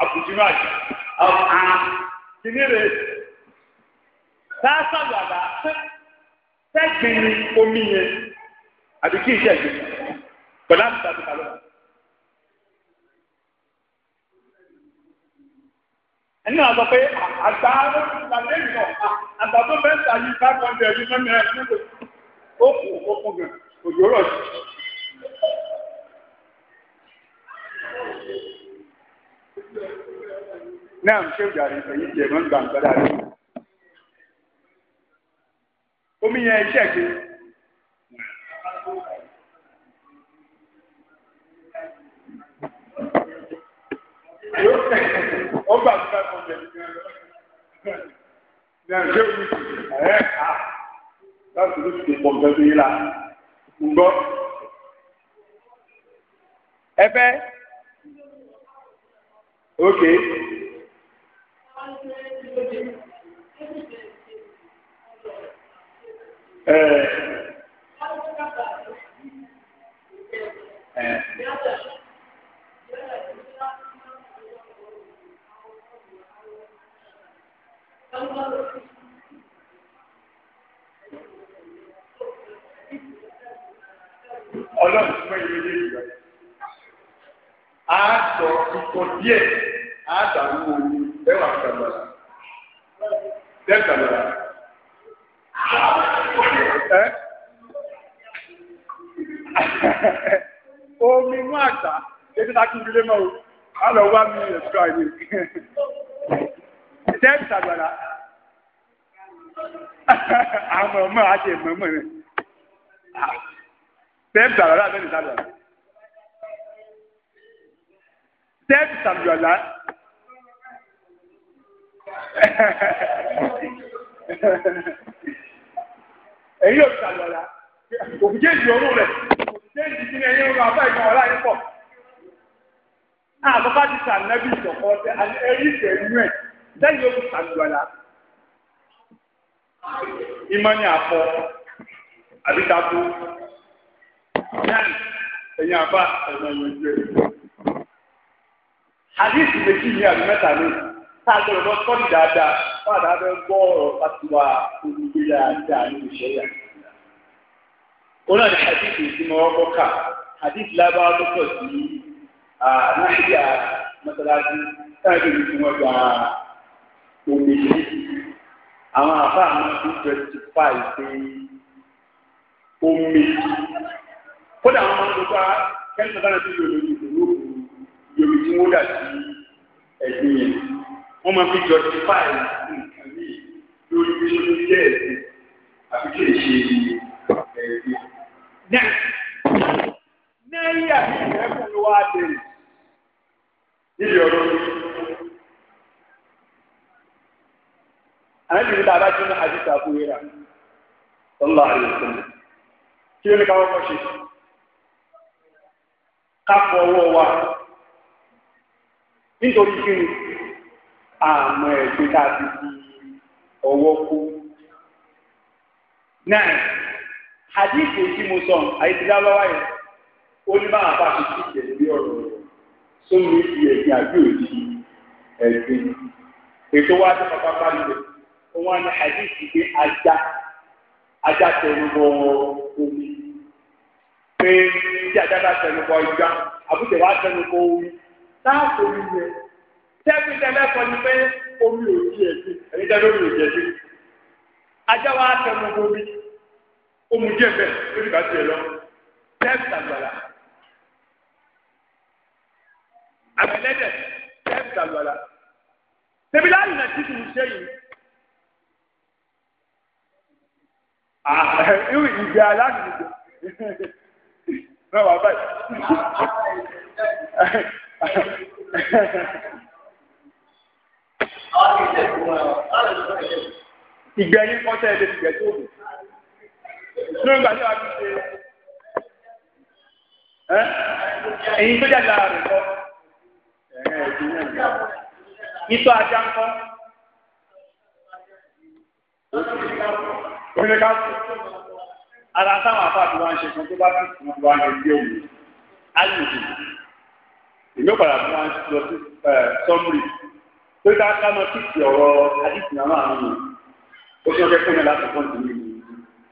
àbùjínú àjà àwọn àà kìnìún rẹ̀ sáà sábà bá fẹ́. sẹ́gbìn ni omi yẹn àbí kí n sẹ́gbìn pẹ̀lú àbúrò àti kàlọ́. ẹni náà sọ pé àgbà àgbàdo ìlọ àgbàdo bẹ́ẹ̀ ta yìí five hundred yìí mẹ́rin ẹ̀ nígbà ó kù ó kù gan òjò rọ̀ sí. náà ṣé ìjà rẹ̀ sẹ́yìn jẹ̀ mọ́ gbàǹgbà dáadáa omi yẹn ṣẹ̀ gbé. ó gbà tó fẹ́ fún mi. ní ẹ̀jẹ̀ omi ẹ̀ ká láti ló ti pọ̀ nǹkan tó la ń gbọ́. ok. Ọlọ́run fún ẹ̀yẹ ilé ìgbà yìí. A sọ ìkọ̀ díẹ̀, a dàrú omi, bẹ́ẹ̀ wà Eh? omi inú àgbà ètò ìta kí mọ́ o lọ wá mi ẹ̀sùn àìní ìtẹ́ ìtàgbàlá àwọn ọmọ àti ìmọ̀mọ̀ rẹ̀ ẹ̀yin yóò ṣàlù ọ̀la òkùnjẹ́ ọrụ rẹ̀ òkùnjẹ́ ìdí sí ẹ̀yin ọ̀rùn àbá ìgbà ọ̀la yín pọ̀. àbọ̀bá ti sànàbí ìṣọ̀kọ́ ẹ̀yìn ìṣẹ̀yìn rẹ̀ sẹ́yìn àbá tá a gbọ́dọ̀ lọ sọ́ọ̀dì dáadáa wọ́n àdá fẹ́ gbọ́ ọ̀rọ̀ pàtiwà olùgbé dáadáa ní ìṣẹ̀lẹ̀ onáà ní hadith tí mo rọ́kọ́ kà hadith lábára tó pọ̀ sí náírà mọ́sálásí táàgì ní wọ́n gba omi yìí àwọn àbá àwọn tó twenty five ṣe omi kódà àwọn máa ń gbọ́dọ̀ kẹ́ńtà dáná tó yọ lórí ìṣòro yomi tí wọ́n dà sí ẹ̀gbìn yẹn wọ́n máa fi justify nǹkan yìí lórí bí ó ti jẹ́ ẹ̀sìn àfi kí n ṣe ẹ̀sìn. náà náírà mi ìrẹ́kùn ló wá dé níbi ọ̀rọ̀ mi. àyẹ̀dì níta abájú ní àdìsá àbúrẹ́rà lọ́lá àyẹ̀sìn kí ló ní ká wọ́pọ̀ ṣe ká fọ ọwọ́ wa nítorí kí ni àmọ́ ẹ̀gbẹ́ tá a ti fi ọwọ́ kú. náà àdìsí tí mo sọ àìsíláwáwá yẹn ó ní bá àbá mi ti tẹ̀lé bí ọ̀rọ̀ rẹ̀ sómi ti ẹ̀gbin àbí òjì ẹ̀gbin. ètò wa ti pàpà bá lulẹ̀ wọn ní àdìsí pé ajá ajá tẹnu bọ omi pé tí ajá bá tẹnu bọ ìgbà àbútẹ̀ wá tẹnu bọ omi táà kò ní tẹ́kùn tẹ́lẹ̀kọ́ ni pé omi ò di ẹ̀sìn ẹ̀yin tẹ́lẹ̀ omi ò di ẹ̀sìn ajá wa tẹnu bomi omi díẹ̀ bẹ́ẹ̀ lórí ìgbà tiẹ̀ lọ tẹ́kùn àgbàlá àgbẹ̀lẹ́dẹ̀ tẹ́kùn àgbàlá tẹ̀mí láàyè náà títí mi ṣe yìí. Irú ìgbé aládùúgbò náà wà báyìí. ìgbẹ́ yín kọ́ tẹ́ tó dùn lórí tí wàá fi ṣe ẹ̀yin tó jáde lára rẹ̀ kọ́ ìtọ́ ajá ń kọ́ ká kú ara táwọn afáàtì nwa ń ṣe fún tó bá fi fún wa ń gbé òun pé ká ká máa fi ti ọ̀rọ̀ àdìsí náà máa mú ó fi hàn fẹ́ fún mi láti fọ́ǹtì mi ní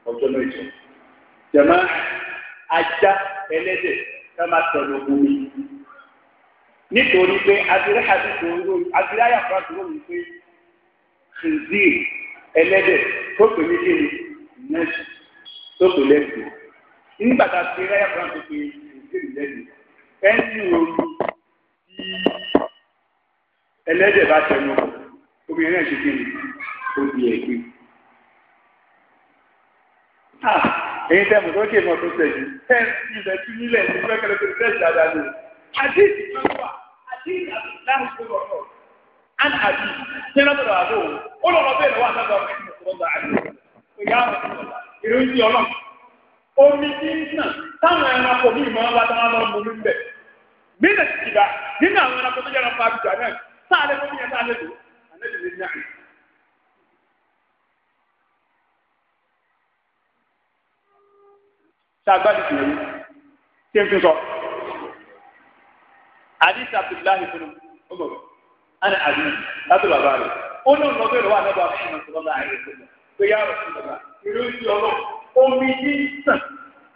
ọjọ́ mẹ́jọ. jẹ̀mọ́ ajá ẹlẹ́dẹ̀ ká máa tẹ̀lé ogun mi nítorí pé abirí àdìsí òun abirí àyàfọ́ àdúró mi pé ṣèǹzì ẹlẹ́dẹ̀ tó pè ní kéde nẹ́ẹ̀sì tó pè lẹ́sì nígbà tá a ti rí àyàfọ́ àdúró mi pé ṣèǹzì lẹ́sì ẹni òun ti. ẹlẹ́dẹ̀ bá tẹnu obìnrin náà ṣe kí ni ó di ẹ̀gbin. èyí tẹ́ mọ̀ tó kí èèmọ̀ tó tẹ̀lé tẹ́ ilẹ̀ tún nílẹ̀ ní pẹ́kẹ́lẹ́ tó tẹ̀ sí àdáni. àdéhìí ló àti láhùn tó lọ án àbí ṣé lọ́dọ̀ àbò ó bẹ́ẹ̀ lọ́wọ́ ọ̀gbìn omi ń sàn táwọn ẹranko ìmọ̀ sáà lè fún mi yẹn sáà lè lò ànábì lè nyà. sàgbàdì n tún sọ àdìsí abdullahi fún ọmọ ana àbí láti bàbá rẹ ó ní ọmọ bẹ́ẹ̀ wà lọ́dọ̀ àyè tó lọ ìlú omi sàn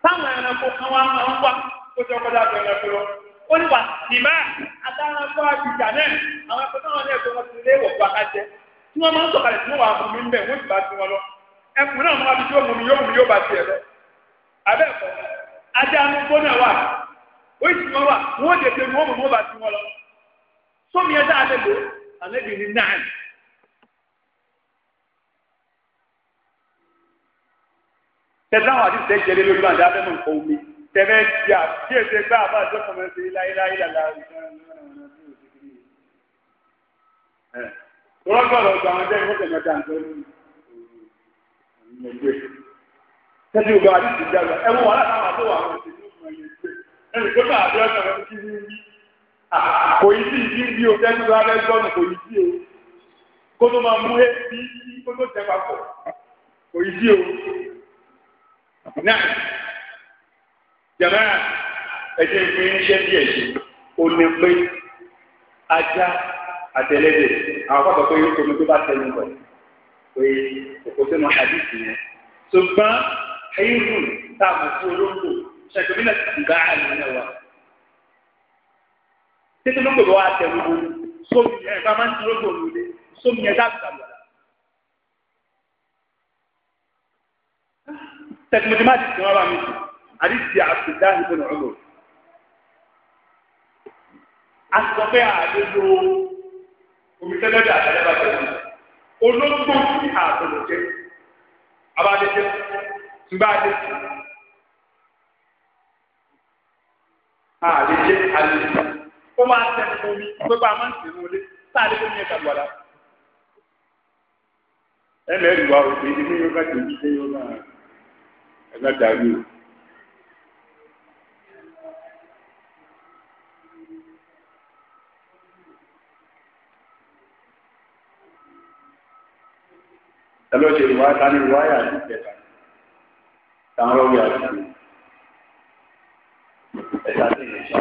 táwọn ẹranko kan wá ẹranko lọ. ó ní wà tìmá adáranfọ àbíjà náà àwọn ẹ̀kọ́ náà lè gbọ́n ti lé òkú akájẹ tí wọ́n máa ń sọ̀kalẹ̀ tí wọ́n wà mú mi ń bẹ̀ wọ́n ti bá ti wọn lọ ẹkùn náà máa fi tí ó mú mi yóò mú mi yóò bá tiẹ̀ lọ abẹ́ẹ̀kọ́ ajá anúgbó náà wà ó sì wọn wà wọ́n lè pe wọ́n mú mi ó bá ti wọn lọ sómi ẹ̀dá alẹ́ lò alẹ́ bì ní náà tẹ̀sán àwọn àdìsẹ́ jẹ́lé lójú àdá abẹ́mọ̀ nǹkan omi tẹ̀mẹ́ ti à tí èsè gbá àbá àjọpọ̀ mẹ́rin ti láyéláyé làlá rọ́gbọ̀rọ̀ ọ̀gbà àwọn ẹgbẹ́ ìfọ́tẹ̀ mẹ́ta nǹkan ní ẹgbẹ́ tẹ́tí ògbà àti ìdíjà lọ ẹ̀wọ̀n wà láti àwọn àtọ́wọ̀ àwọn ìṣèlú ìmọ̀ ẹ̀yẹ ẹgbẹ́ ẹnì tó bá àbẹ́ ọ̀sán rẹ̀ kí ní ní kò yí sí ìdí bí o tẹ́tí bá rẹ̀ gbọ́nù kò yí sí o kó tó máa mú bí kó tó tẹ́ papọ̀ kò yí sí o náà jẹ̀mẹ́ ẹ̀jẹ̀ ìpín iṣẹ́ díẹ̀ ṣe ó ní pé ajá àtẹlẹ́dẹ̀ àwọn kọ́kọ́ pé yóò tóbi tó bá tẹnu bọ̀ pé òkú sínú àdìsí yẹn ṣùgbọ́n ẹ̀yìnrù tá a mọ̀ sí olóńgbò ṣàkóbílẹ̀ gbà á nìyẹn wa títí lóńgbò bá wà tẹnu bọ̀ sómi ẹ̀ bá máa ń tún lóńgbò lóde sómi ẹ̀ dáàbò tẹkumẹtẹmátì tí wọn bá mi sùn àdìsí Abdullahi bin Umar asọ̀fẹ́ àdéjọ omísẹ́lẹ́dẹ́ àtàlẹ́bà tẹ̀lé olóńgbò tí àbọ̀lọ̀ jẹ́ abájẹ́jẹ́ ṣùgbọ́n àdéjẹ́ àdéjẹ́ àdéjẹ́ ó máa tẹ̀lé omi gbogbo àmọ́ ń tẹ̀lé wọlé sáàdé tó ní ẹ̀ka lù wàlá. ẹnlẹ́ ìlú wa ò pé ní yóò bá tẹ̀lé ní yóò bá ẹ̀ka dàrú o. ẹlọ́ṣẹ̀ ìwáyà tani ìwáyà àti ìjẹta táwọn ọ̀rọ̀ yà sí ẹ̀dá sí ìṣá.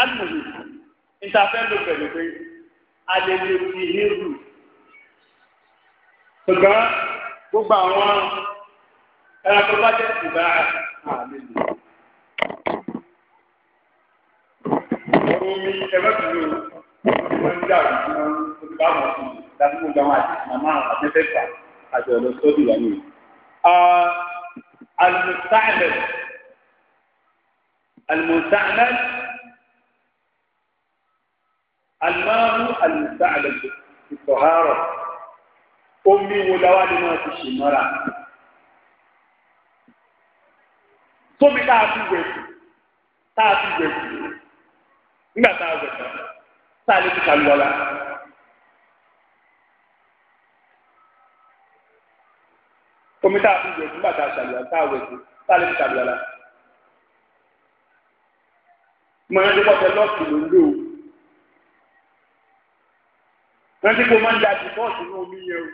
alùpùpù ìtafẹ́ ló pẹ̀lú pé alẹ́lẹ́ ti hírù ṣùgbọ́n gbogbo àwọn ẹranko bá jẹ́ ìgbà àlejò. Omi ẹgbẹ́ tuntun ló ń dàrú fún ọdún bá wọ̀ fún mi. dákúkú jọ wọn àti màmá àwọn àtẹ́tẹ́fà àti ọ̀dọ̀ sódì lọ́nà yìí. المستعمل المستعمل الماء المستعمل في الطهارة omi wo la wá ní wọn ti ṣe mọ́ra tómi tá a fi wẹ̀sì tá a fi wẹ̀sì nígbà tá a wẹ̀sì tá a lè fi kàlùwọ́lá. omi tá a fi wẹ̀ nígbà tá a ṣàlùwà tá a wẹ̀ tó tá a lè fi ṣàlùwà la. màá ní wọ́n fẹ́ lọ́ọ̀sì ló ń lò ó. wọ́n ti kó máa ń da ti bọ́ọ̀sì ní omi yẹn o.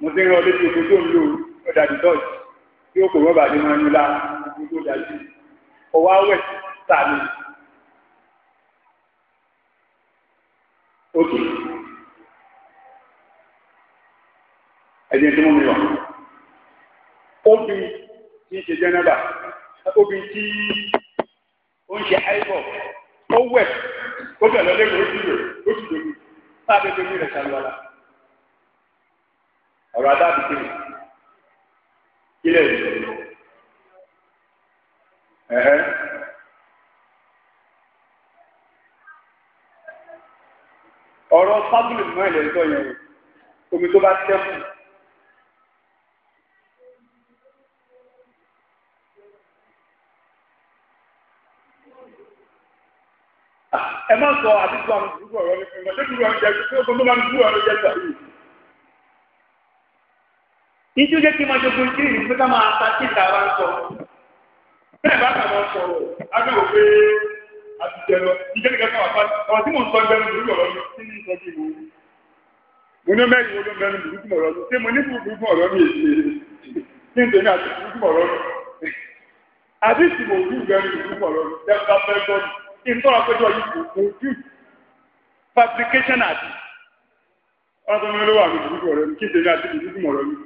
mo ti ń rọ létí omi tó ń lò ó ọ̀dà ti bọ́ọ̀sì tí ó kò rọ́bà ní máa ń la gbogbo dájú ọwọ́ awẹ́ tà ní. Okay. ẹ̀dín tí mo mi wà obì tí ń ṣe jẹ́nẹ́bà obì tí ó ń ṣe àìbọ̀ ó o ó bẹ̀ lọ́lé ìwé oṣù rẹ̀ oṣù rẹ̀ bá bẹ́ẹ̀ bẹ́ẹ̀ rẹ̀ ṣàlùwàlà ọ̀rọ̀ adáàbí kiri kílẹ̀ ìlú ẹ̀hẹ́. ọ̀rọ̀ fábùlù mọ́ ẹ̀lẹ́dọ̀ yẹn omi tó bá tẹ́kù ẹ má sọ àdìsọ àwọn ìdúró ọ̀rọ̀ ní ọrụ tẹ́tù ọ̀rọ̀ jẹ́ ọrụ ọkọ̀ tó máa ọrụ dúró ọ̀rọ̀ jẹ́ ọrụ Ìjú jẹ́ kí máa jogun kí ìlú pé ká máa ta kí ìta wa sọ. Bẹ́ẹ̀ bá kà máa sọ̀rọ̀ Ìjẹ́ ń bẹnu mo. ní ìtọ́ra péjọ yìí kò kò jù fabrication àti ọ̀tọ̀ mi ló wà ní ìdúgbò rẹ̀ kí ìṣèlú àti ìdúgbò mọ̀rọ̀ mi.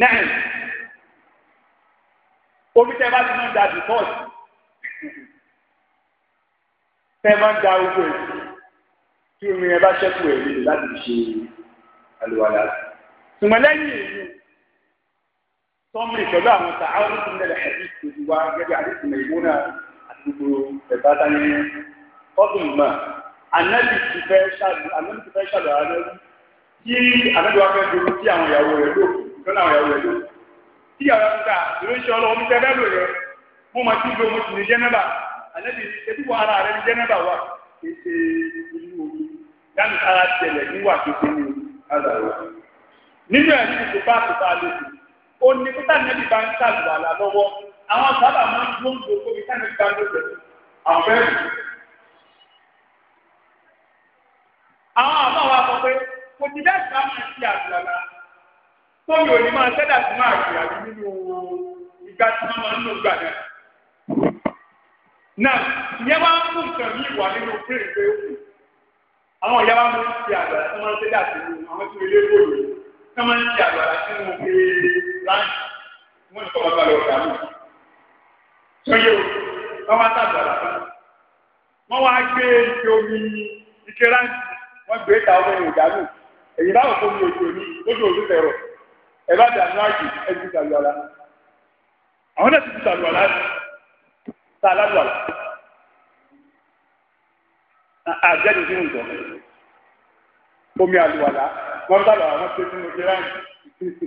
náà omi tẹ bá ti ń da dìtọ́ọ̀tì tẹ máa ń da ogun ẹ̀ tí omi ẹ bá ṣẹ́kù ẹ̀ nílò láti ṣe àlùwàlà. ṣùgbọ́n lẹ́yìn èyí tọ́mì pẹ̀lú àwọn sàárò tó ń lẹ̀ ẹ̀dí ìṣèlú wa gẹ́gẹ́ àdéhùn ìmúna àti gbogbo ẹ̀bá dání ọdún mọ́ anẹ́lì ti fẹ́ ṣàlù ààrẹ tí anẹ́lì wa fẹ́ dúró tí àwọn ìyàwó rẹ̀ lò lọ́nà àwọn ìyàwó rẹ̀ lò tí àwọn ọ̀gá ìránṣẹ́ ọlọ́wọ́ mi fẹ́ bẹ́ẹ̀ lò yẹ mo máa ti lo mo sì ní jẹ́nẹ́bà anẹ́lì òní pé tànàbí bá ń sàlù àlà lọ́wọ́ àwọn sábà máa ń gbóhùn gbogbo bí tànàbí bá ń lòdì àwọn bẹ́ẹ̀ rù. àwọn àmọ́ wa sọ pé kò ní bẹ́ẹ̀ bá máa ṣe àgbàlá tóbi òní máa ṣẹ́dá sí máa ṣe àbí nínú ìgbà tí wọ́n máa ń lò gbà náà. náà ìyẹn máa ń mú nǹkan ní ìwà nínú péré pé ó kù àwọn ìyá wa máa ń ṣe àgbàlá tó máa ń ṣẹ́dá sí àwọn tó máa ń láì wọ́n ní kọ́ba balẹ̀ ọ̀dà mú. sọ́yẹ́ o wọ́n wá tàbí ọ̀dà fún un wọ́n wá gbé ike omi ike ráńtì wọ́n gbé ta ọmọ ìrìn ìdánù èyí báwo kó mi òjò ní lójú òjò tẹ̀rọ ẹ bá dà ní àjò ẹ ti tàbí ọ̀dà àwọn náà ti ti tàbí ọ̀dà tá a lábọ̀ àjẹ́ni sínú ìtọ́ omi àlùwàlà wọ́n bá lọ àwọn tó sínú ike ráńtì.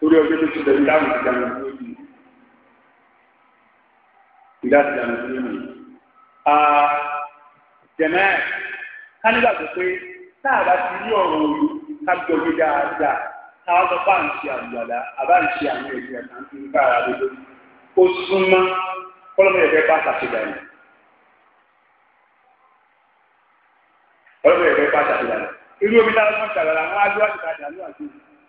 torí ọjọ́ tó ti tẹ̀lé dáhùn ti dànù dúró yìí ìdá ti dànù dúró yìí. jẹ̀mẹ́ kálíbà tó pé táàbà ti rí ọ̀rọ̀ òru kájọ mi dáadáa táwọn tó bá ń ṣe àgbàdá àbá ń ṣe àwọn ẹ̀jẹ̀ kan tó ń bá ara rẹ lórí ó súnmọ́ kọ́lọ́mù ẹ̀fẹ́ bá ṣàṣeyàn. kọ́lọ́mù ẹ̀fẹ́ bá ṣàṣeyàn. irú omi táwọn tó ń ṣàlàyé àwọn ti ta dàlú àti òkú.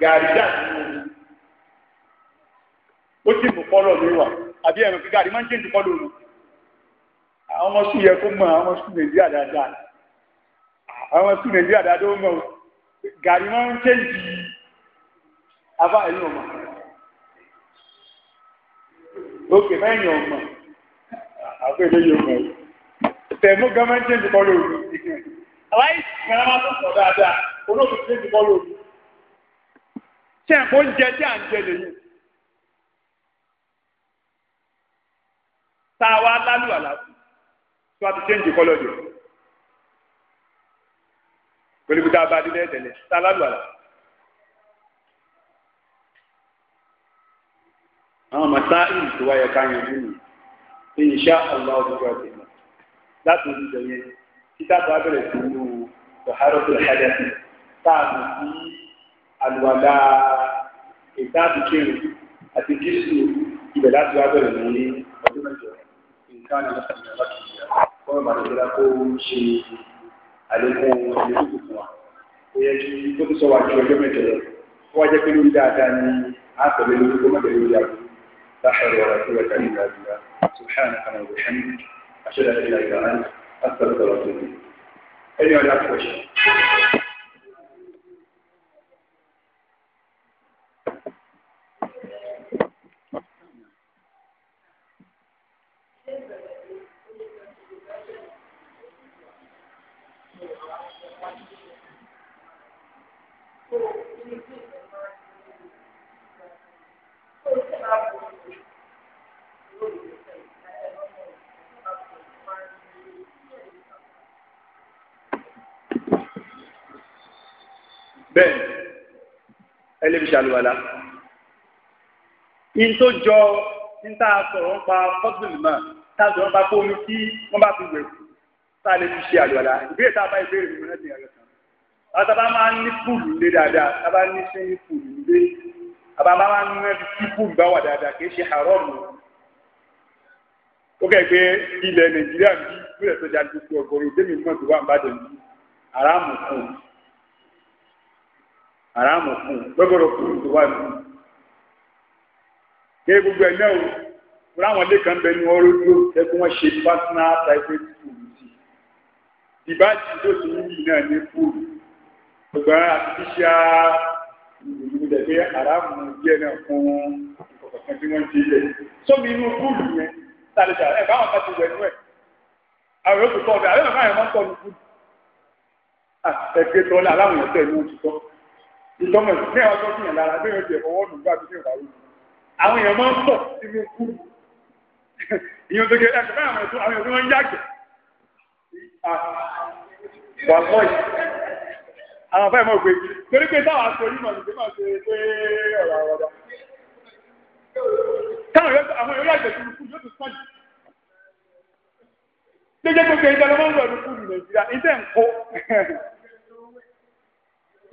gari dà nínú omi ó mú kọ́lọ̀ mi wà àbí ẹ̀rọ kí gàrí máa ń jẹ́ǹdì kọ́lọ̀ mi àwọn sùn yẹ kó mọ àwọn ọmọ sùn nàìjíríà dáadáa àwọn ọmọ ó mọ gàrí máa ń jẹ́ǹdì abá ẹ̀yìn ọmọ òkè mẹ́yìn tẹ̀mú gan máa ń jẹ́ǹdì ṣe ẹ̀kọ́ oúnjẹ tí à ń jẹ lèyí. tá a wá lálù àlàfo tó a ti ṣe ń jì kọ́lọ́ jù pẹ̀lú tá bá dídẹ́ tẹ̀lé tá a lálù àlàfo. àwọn masáìlì tó wáyé ká yanjú nù insha Allah ọdúnrún ọdún náà láti ojú ìjọ yẹn títà bá bẹ̀rẹ̀ sí inú ọ̀hárọ̀ tó lẹ́yà dẹ́sẹ̀ tá a mọ̀ sí àlùwàlà ìtaàbù kírun àti gíṣù ibẹ̀ láti wá bẹ̀rẹ̀ ní ọdún mẹ́jọ nǹkan ní ọ̀sán ní ọ̀sán kìí yá kọ́ ọ̀bà ìjọba tó ń ṣe àlékún ìlú fún wa ó yẹ kí tó ti sọ wà ju ọjọ́ mẹ́jọ lọ ó wá jẹ́ pé lórí dáadáa ni a tẹ̀lé lórí kó mọ̀tẹ̀lé lórí àgbò láṣẹ̀rẹ̀ ọ̀rọ̀ tó wẹ̀ka ní ìlàjìlá subhanahu wa ta'ala ashhadu an la ilaha illa anta astaghfiruka wa atubu ilayk any bẹ́ẹ̀ ẹlẹ́bi ṣàlùwàlà in tó jọ in tá a sọ̀rọ̀ ń pa fọ́tìlì mọ́ tá a sọ̀rọ̀ ń pa kó omi tí wọ́n bá fi wẹ̀ tá a lè fi ṣe àlùwàlà ìbéèrè tá a bá ìbéèrè mi rántí ìyàrá kan àwọn tábà máa ń ní púùlù lé dáadáa tábà ní sí ní lé àbá máa ń ná tí púùlù bá wà dáadáa kì í ṣe àrọ́ọ̀mù ó kẹ́ pé ilẹ̀ Nàìjíríà bí gbúdẹ̀ tó gbogbo ọgọ́rùn-ún dé mi wà ń bá ní àràmù fún gbẹgbẹrọ fún ìwà ìlú ké gbogbo ẹgbẹ́ o láwọn ilé kan bẹ ní ọ̀rọ̀ dúró ẹkún wọn ṣe personal private school sí ìbáàjì tó ti ń yìí náà ní fúlù gbogbo artificial ìlú dẹgbẹ àràmù díẹ̀ náà fún ìkọkọkan tí wọn ti lẹ sómi inú fúlù yẹn sáré sáré ẹ báwọn kan ti wẹ nú ẹ àwọn yóò tó tọ ọbẹ àwọn yóò máa ah, yẹn máa ń tọ ní fúlù àtẹgbẹtọ ní aláwọn yẹn tẹ ní òtítọ́ ìtọ́mọ̀ ní àwọn tó fìyàn lára bí wọ́n ti ẹ̀fọ́ wọ́n nígbà tó fi wà lónìí. àwọn èèyàn máa ń tọ̀ sínú ikú ìyẹn tó ké ẹ̀sùn báyà wọn tó àwọn èèyàn tó ń yàgẹ̀. Ah, wà lọ́ọ̀ àwọn afẹ́ mọ̀ pé torí pé táwọn aṣọ yìí màlúù tó máa ṣe pé ọ̀rọ̀ àwọn ọ̀dọ́. táwọn àwọn èèyàn yàgẹ̀ sínú ikú yóò tún sọ́ọ̀jì. jẹ́jẹ́ gbogbo ìdáná máa ń lọ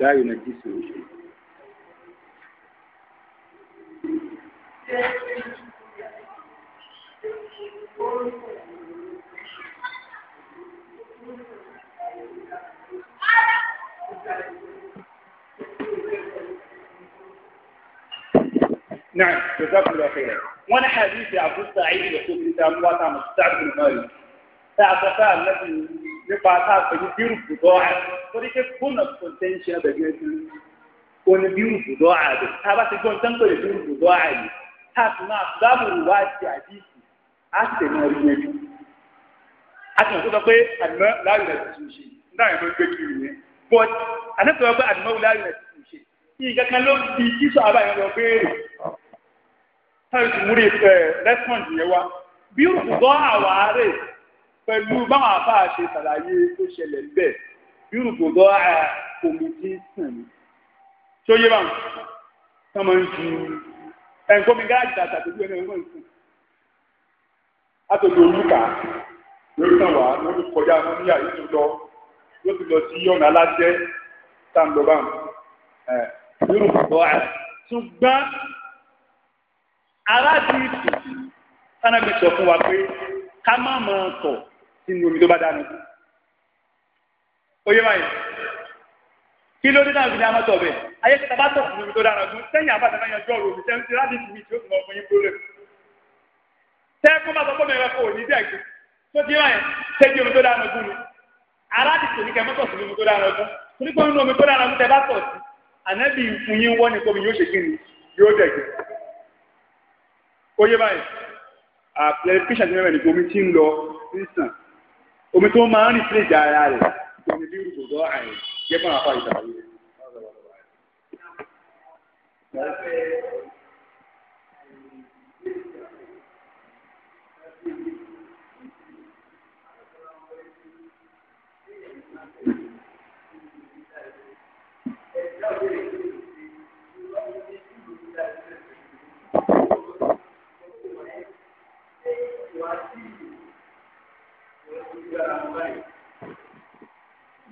لا ينجسه شيء نعم جزاكم الله خيرا وانا حديث يا عبد السعيد يقول انت موات مستعد المال تعرف الذي نفع تعرف يدير بضاعه torí pé full of contention bẹ̀rẹ̀ sí i òní bí ibùdó ààrẹ tá a bá ti gbọ́n tán pé bí ibùdó ààrẹ tá a ti máa dábòrò wá sí àdìsí á sì tẹ̀lé ọdún yẹn bí. a ti mọ̀ tó sọ pé àdìmọ́ láàyè rẹ̀ ti ṣe náà yẹn ló gbé kiri yẹn but àdìmọ́ pé àdìmọ́ láàyè rẹ̀ ti ṣe kí kankan ló di kíso àbáyọ̀ lọ béèrè táyọ̀ ti múrí rẹ́spọ̀nsì yẹn wá bí ibùdó àwárẹ̀ pẹ̀lú báwọn afáàṣe ṣàlàyé tó ṣẹlẹ̀ bẹ́ẹ̀ irú gbogbo omi tí ń sàn ní. ṣé ó yé báwọn wọn máa ń ju ẹnìkómi gáàjì tàtà tó gbé ẹni wọn ń sùn. látòkè olùkà lórí náà wà lórí kọjá wọn ní àyè tó lọ yóò ti lọ sí ọ̀nà aláṣẹ tá à ń lọ báwọn. irú gbogbo ààrẹ ṣùgbọ́n aláàbí ìtù sánábì sọ fún wa pé ká má máa tọ̀ sínú omi tó bá dáná kú oyè báyìí kí ló dé náà fi dá mọ́tò ọ̀bẹ ayé ti tabátọ̀ fún mi tó dára dùn sẹ́yìn àbàtà náà yanjú ọ̀rọ̀ òbí sẹ́yìn ti láti tìmí tí ó sì mọ fún yín gbólé sẹ́kún bá sọ fún mi rẹ kó o ní bẹ́ẹ̀ gbé tó ti báyìí sẹ́yìn omi tó dára dùn ni aláàdì tòní kẹ́ mọ́tò sí omi tó dára dùn torí pé nínú omi tó dára dùn tẹ́ bá tọ̀ sí ànábì fún yín wọ́n ni kò mi yóò ṣe kí ni yóò dẹ̀ gbé oyè báyìí àpẹẹrẹ píṣà ti mẹ́rin omi ti ń lọ sísàn omi tó máa ń rìn sí ìjà ara rẹ̀ ní Thank you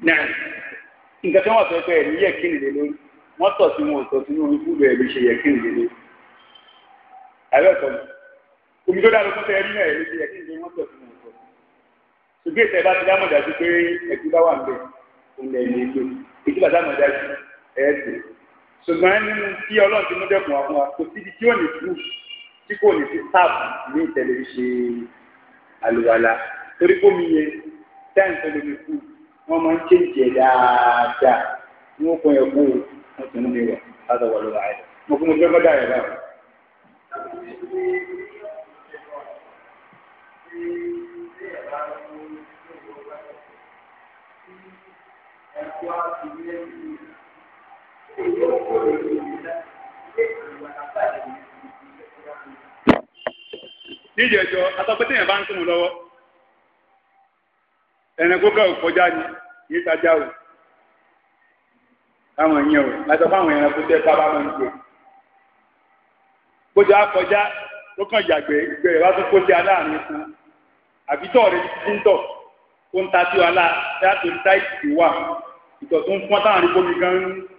náà nǹkan tí wọ́n sọ pé ẹ̀mí yẹ kí nìlé lórí wọ́n tọ̀ sí wọn ò tọ̀ sínú omi fúlù ẹ̀mí ṣe yẹ kí nìlé lórí. àbẹ́ ọ̀tọ̀ mi omi tó dára fún tẹ́ẹ̀rí náà ẹ̀mí ṣe yẹ kí nìlé wọ́n tọ̀ sí wọn ò tọ̀ sí. ṣùgbọ́n ìtẹ́ bá ti dámọ̀ dájú pé ẹ̀kú bá wà ń bẹ̀ òun lẹ̀ ní ìlú èyí bá dámọ̀ dájú ẹ̀ẹ́sì. ṣùgbọ́n nínú tí ọlọ́run ti mú dẹ́kun àwọn kò síbi kò sí táàbù ní ìtẹ̀lé wọ́n máa ń chéjì dáadáa ní wọ́n kọ́ ẹ̀ kú wọ́n ti ń bí láti wọ̀ lọ́wọ́ àyẹ̀ mo fún mi lọ́gọ́dà rẹ̀ báyìí. Níjẹ̀jọ́, àtọ̀pẹ́tẹ̀yìn bá ń kírun lọ́wọ́ ẹranko kan ò kọjá ni yìí tajà o káwọn yẹn o láti fún àwọn ẹranko tẹ sábà máa ń gbé kójá kọjá tó kàn yàgbé gbé rẹ wá tó kó sí aláàánú fún àbí tọ̀ rẹ ti ń tọ̀ kó ń ta sí wa la dáàtò táìsì wà ìtọ̀ tó ń fọ́n táwọn àdúgbò mi gan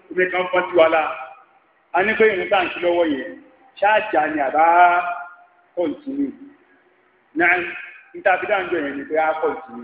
omi kan fọ́n sí wa la a ní pé ìrún táǹkì lọ́wọ́ yẹn ṣáàjà ni àbá kọ̀ǹtínú náà níta fi dáhùn jọ yẹn ni pé a kọ̀ǹtínú.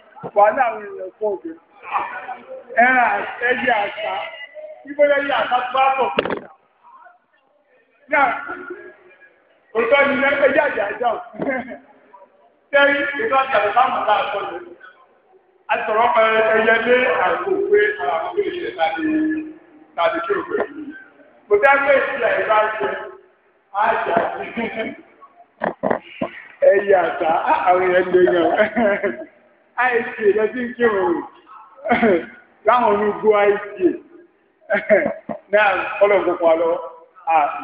wà láwọn èèyàn fún òde ẹran ẹyẹ àṣà ìbọyọ yẹ àṣà tó bá pọ̀ fún ìyá náà òótọ́ ni ẹyẹ àjà àjà ò tẹ́rí ètò àjà àjà bá mọ̀ láàkọ́ lọ àtọ̀rọ̀ pẹ̀ ẹyẹ lé àgbo pé àwọn ọmọdé tàbí tàbí kí o pè é kò ìṣẹ̀lẹ̀ ìbá ṣe àṣà àwọn àìsí lọ́sí kírun láwọn olùgbò àìsí náà ọlọ́run kò fún wa lọ́wọ́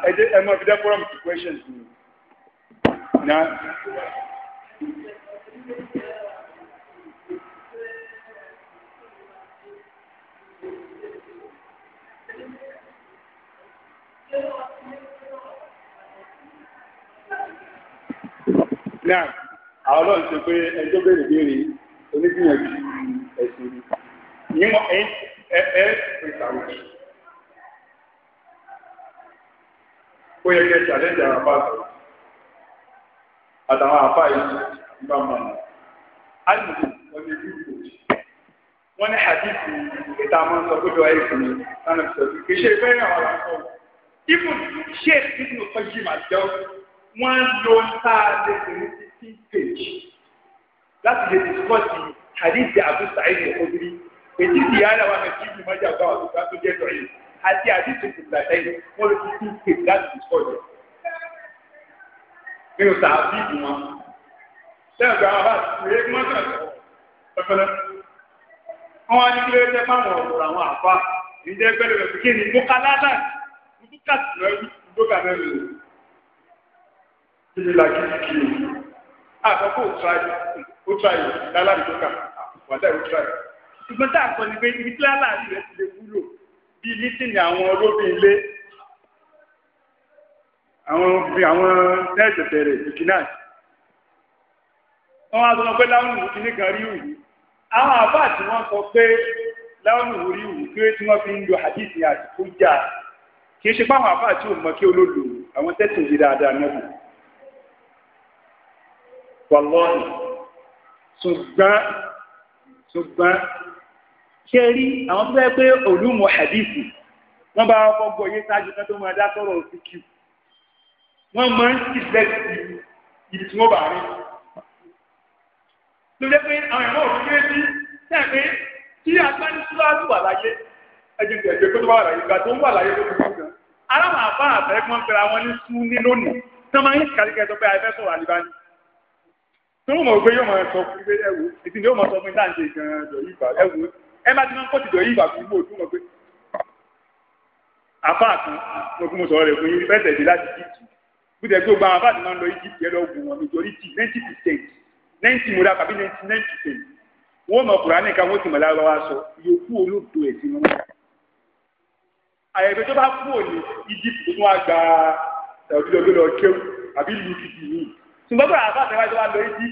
ẹ̀jẹ̀ ẹ̀ mọ̀ fi dẹ́ fọ́rọ̀mù sí questions mi. Now, àwọn ọlọ́run ṣe pé ẹjọ́ bẹ̀rẹ̀ bẹ̀rẹ̀ onígbìyànjú ẹ̀sìn ni mímọ ẹ ẹ ẹ pè sàwọn ẹ̀sìn. ó yẹ kẹ́ ṣàlẹ́jì àwọn àbá àtàwọn àtàwọn àbá yìí nígbà mọ́ ni. a lè wọ́n ní bí kò jì wọ́n ní hadithi ìta máa ń sọ pé lọ́wọ́ ẹ̀sìn ni lánàá fi sọ pé kì í ṣe ìfẹ́ àwọn àlàkọ́ ibùn ṣé ìdílé ọkọ̀ yìí máa jẹun wọ́n lo sáà lè tẹ̀lé sí page láti lè dìskọ́sì hadithi Abu Sa'id al-Khudri èyí ti yára wa mẹ jíjù mọ́jà bá àwọn ìgbà tó jẹ́ tọ̀ yìí àti hadithi kùtà lẹ́yìn wọ́n lè fi tún kéde láti dìskọ́sì. nínú sàbí ìgbìmọ̀ sẹ́yìn gba àwọn àtúnyẹ kí wọ́n sàn pẹ́pẹ́lẹ́. wọ́n á ní kí lóye tẹ́ fáwọn ọ̀rọ̀ àwọn àfa ìjẹ́ gbẹ́lẹ́ rẹ̀ kí ni mo kálá náà mo tún kà sí lọ́wọ́ ìdókà mẹ́rin rẹ̀. kí ni làkìtì kì í àkọ́kọ́ òkúra ó tura yìí lálàrí tó kà wàdà ó tura yìí. ṣùgbọ́n tá a sọ ni pé ibi tí lálàrí rẹ ti lè wúlò bíi mítìnì àwọn olóbìn ilé àwọn àwọn nẹ́ẹ̀sì tẹ̀rẹ̀ ìkìnnà wọ́n wá sọ pé láwọn ìwú kìíní kan rí ìwú àwọn àbá tí wọ́n sọ pé láwọn ìwú rí ìwú pé tí wọ́n fi ń lo àdìsí àdìkú jà kì í ṣe fáwọn àbá tí ò mọ kí olóòlù àwọn tẹ́sán yìí dáadáa náà wọ́n lọ́ọ̀nù ṣùgbọ́n ṣùgbọ́n ṣe rí àwọn tó fẹ́ pé olùmọ̀ hadithi wọ́n bá kọ́ gbọ́ yé sáájú kan tó máa dá sọ̀rọ̀ òsìkì wọ́n máa ń ṣiṣẹ́ ibi tí wọ́n bá rí ló jẹ́ pé àwọn ẹ̀rọ òfin kéré sí ṣe pé tí agbánisíwájú wà láyé ẹ̀jẹ̀ ẹ̀jẹ̀ tó wà láyé ìgbà tó wà láyé ló ti kú aláwọ̀ àbá àbẹ́gbọ́n pẹ̀lú àwọn ní sùn ní lónìí tí wọ́n máa ń kàríkẹ́ tó pé àìfẹ́ tó mọ̀ pé yóò máa sọ fún pé ẹ̀wò ètí ni yóò máa sọ fún dáǹdé gan-an dọ̀yìn ìgbà ẹ̀wò ẹ má ti máa ń kọ́ ti dọ̀yìn ìgbà fún gbòó tó mọ̀ pé àfáà kan mo fún mo sọ̀rọ̀ rẹ̀ fún yín fẹ́sẹ̀ dé láti Egypt bí tẹ̀ gbogbo àwọn àfáà ti máa ń lọ Egypt yẹn lọ wù wọn nítorí tí ninety percent ninety mo dábàá bí ninety nine percent wọ́n mọ̀ Kùránì ká wọ́n ti mọ̀ lárọ́ wa sọ yòókù olóòtú ẹ̀ sí wọn. àyẹ̀fẹ́ tó bá kú òní Egypt tó tún wá gba ọ̀dọ́dọ́ lọ kéwù àbí lu kìkì yìí ṣùgbọ́n bọ̀rọ̀ àbá àtẹwájú wa lórí bí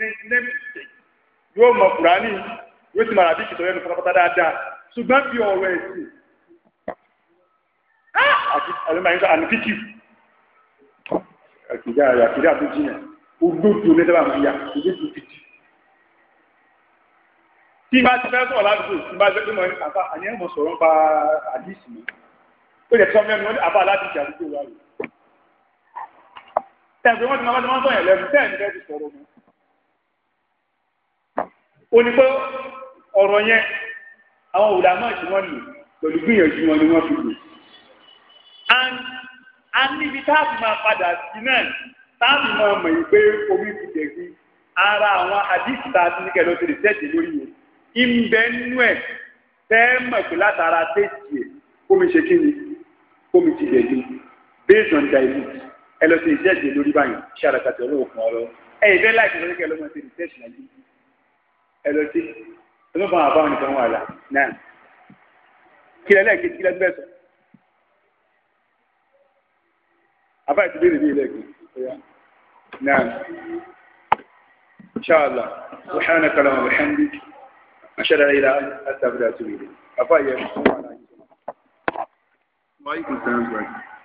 nẹ́ẹ̀mẹ̀tẹ̀ yóò mọ kùránì yóò ti màrà bí ìṣòro ẹnu pátápátá dáadáa ṣùgbọ́n bí ọ̀rọ̀ ẹ̀sìn ah! àti àlùmáyé àlùfíkì àkìdá àkìdá tó jìnà olóòtú onídàbà ń yà olóòtú fìdí. tí bá ti fẹ́ sọ̀rọ̀ ládùúgbò tí bá ti fẹ́ mọ àbá àníyàn mọ̀ sọ̀rọ̀ ń pa àdìsí mi ó yẹ kí wọ́n mẹ́rin wọn ní àbá aládìsí àdúgbò wa rèé tẹ̀sí wọ́n ti máa bá ti máa ń sọ̀yàn lẹ́nu tẹ́ẹ̀ ní bẹ́ẹ̀ ti sọ̀rọ̀ mọ́. ó ní pé ọ̀rọ̀ yẹn àwọn òlàmọ́ tí wọ́n lò pẹ̀lú gbìyànjú wọn ni wọ́n fi lò. a níbi táàbù máa padà sí náà táàbù máa mọ̀ yìí pé omi ti dẹ̀gbí ara àwọn àdìsí tá a ti ní kẹ́ ló ti lè tẹ̀sí lórí yẹn. ìbẹ̀ nú ẹ̀ tẹ́ mọ̀ pé látara tẹ̀sí ẹ̀ kómi ṣe kí ni kómi ti dẹ̀gbí based on diabetes ẹ lọ sí ìṣẹ́jì lórí báyìí iṣẹ́ àlàkàtì olówó fún ọ lọ ẹ ìfẹ́ láìsí lórí kẹ ló máa ṣe ìṣẹ́jì láyé ẹ lọ sí ẹ má bá wọn àbáwọn nìkan wà là náà kílẹ̀ lẹ́ẹ̀kejì kílẹ̀ bẹ́ẹ̀ sọ àbá ìtúbí rèé lẹ́ẹ̀kejì náà inṣàlá wàhánà kàlámà wàhánà أشهد أن لا إله إلا أنت أستغفرك وأتوب إليك. أفايا وعليكم السلام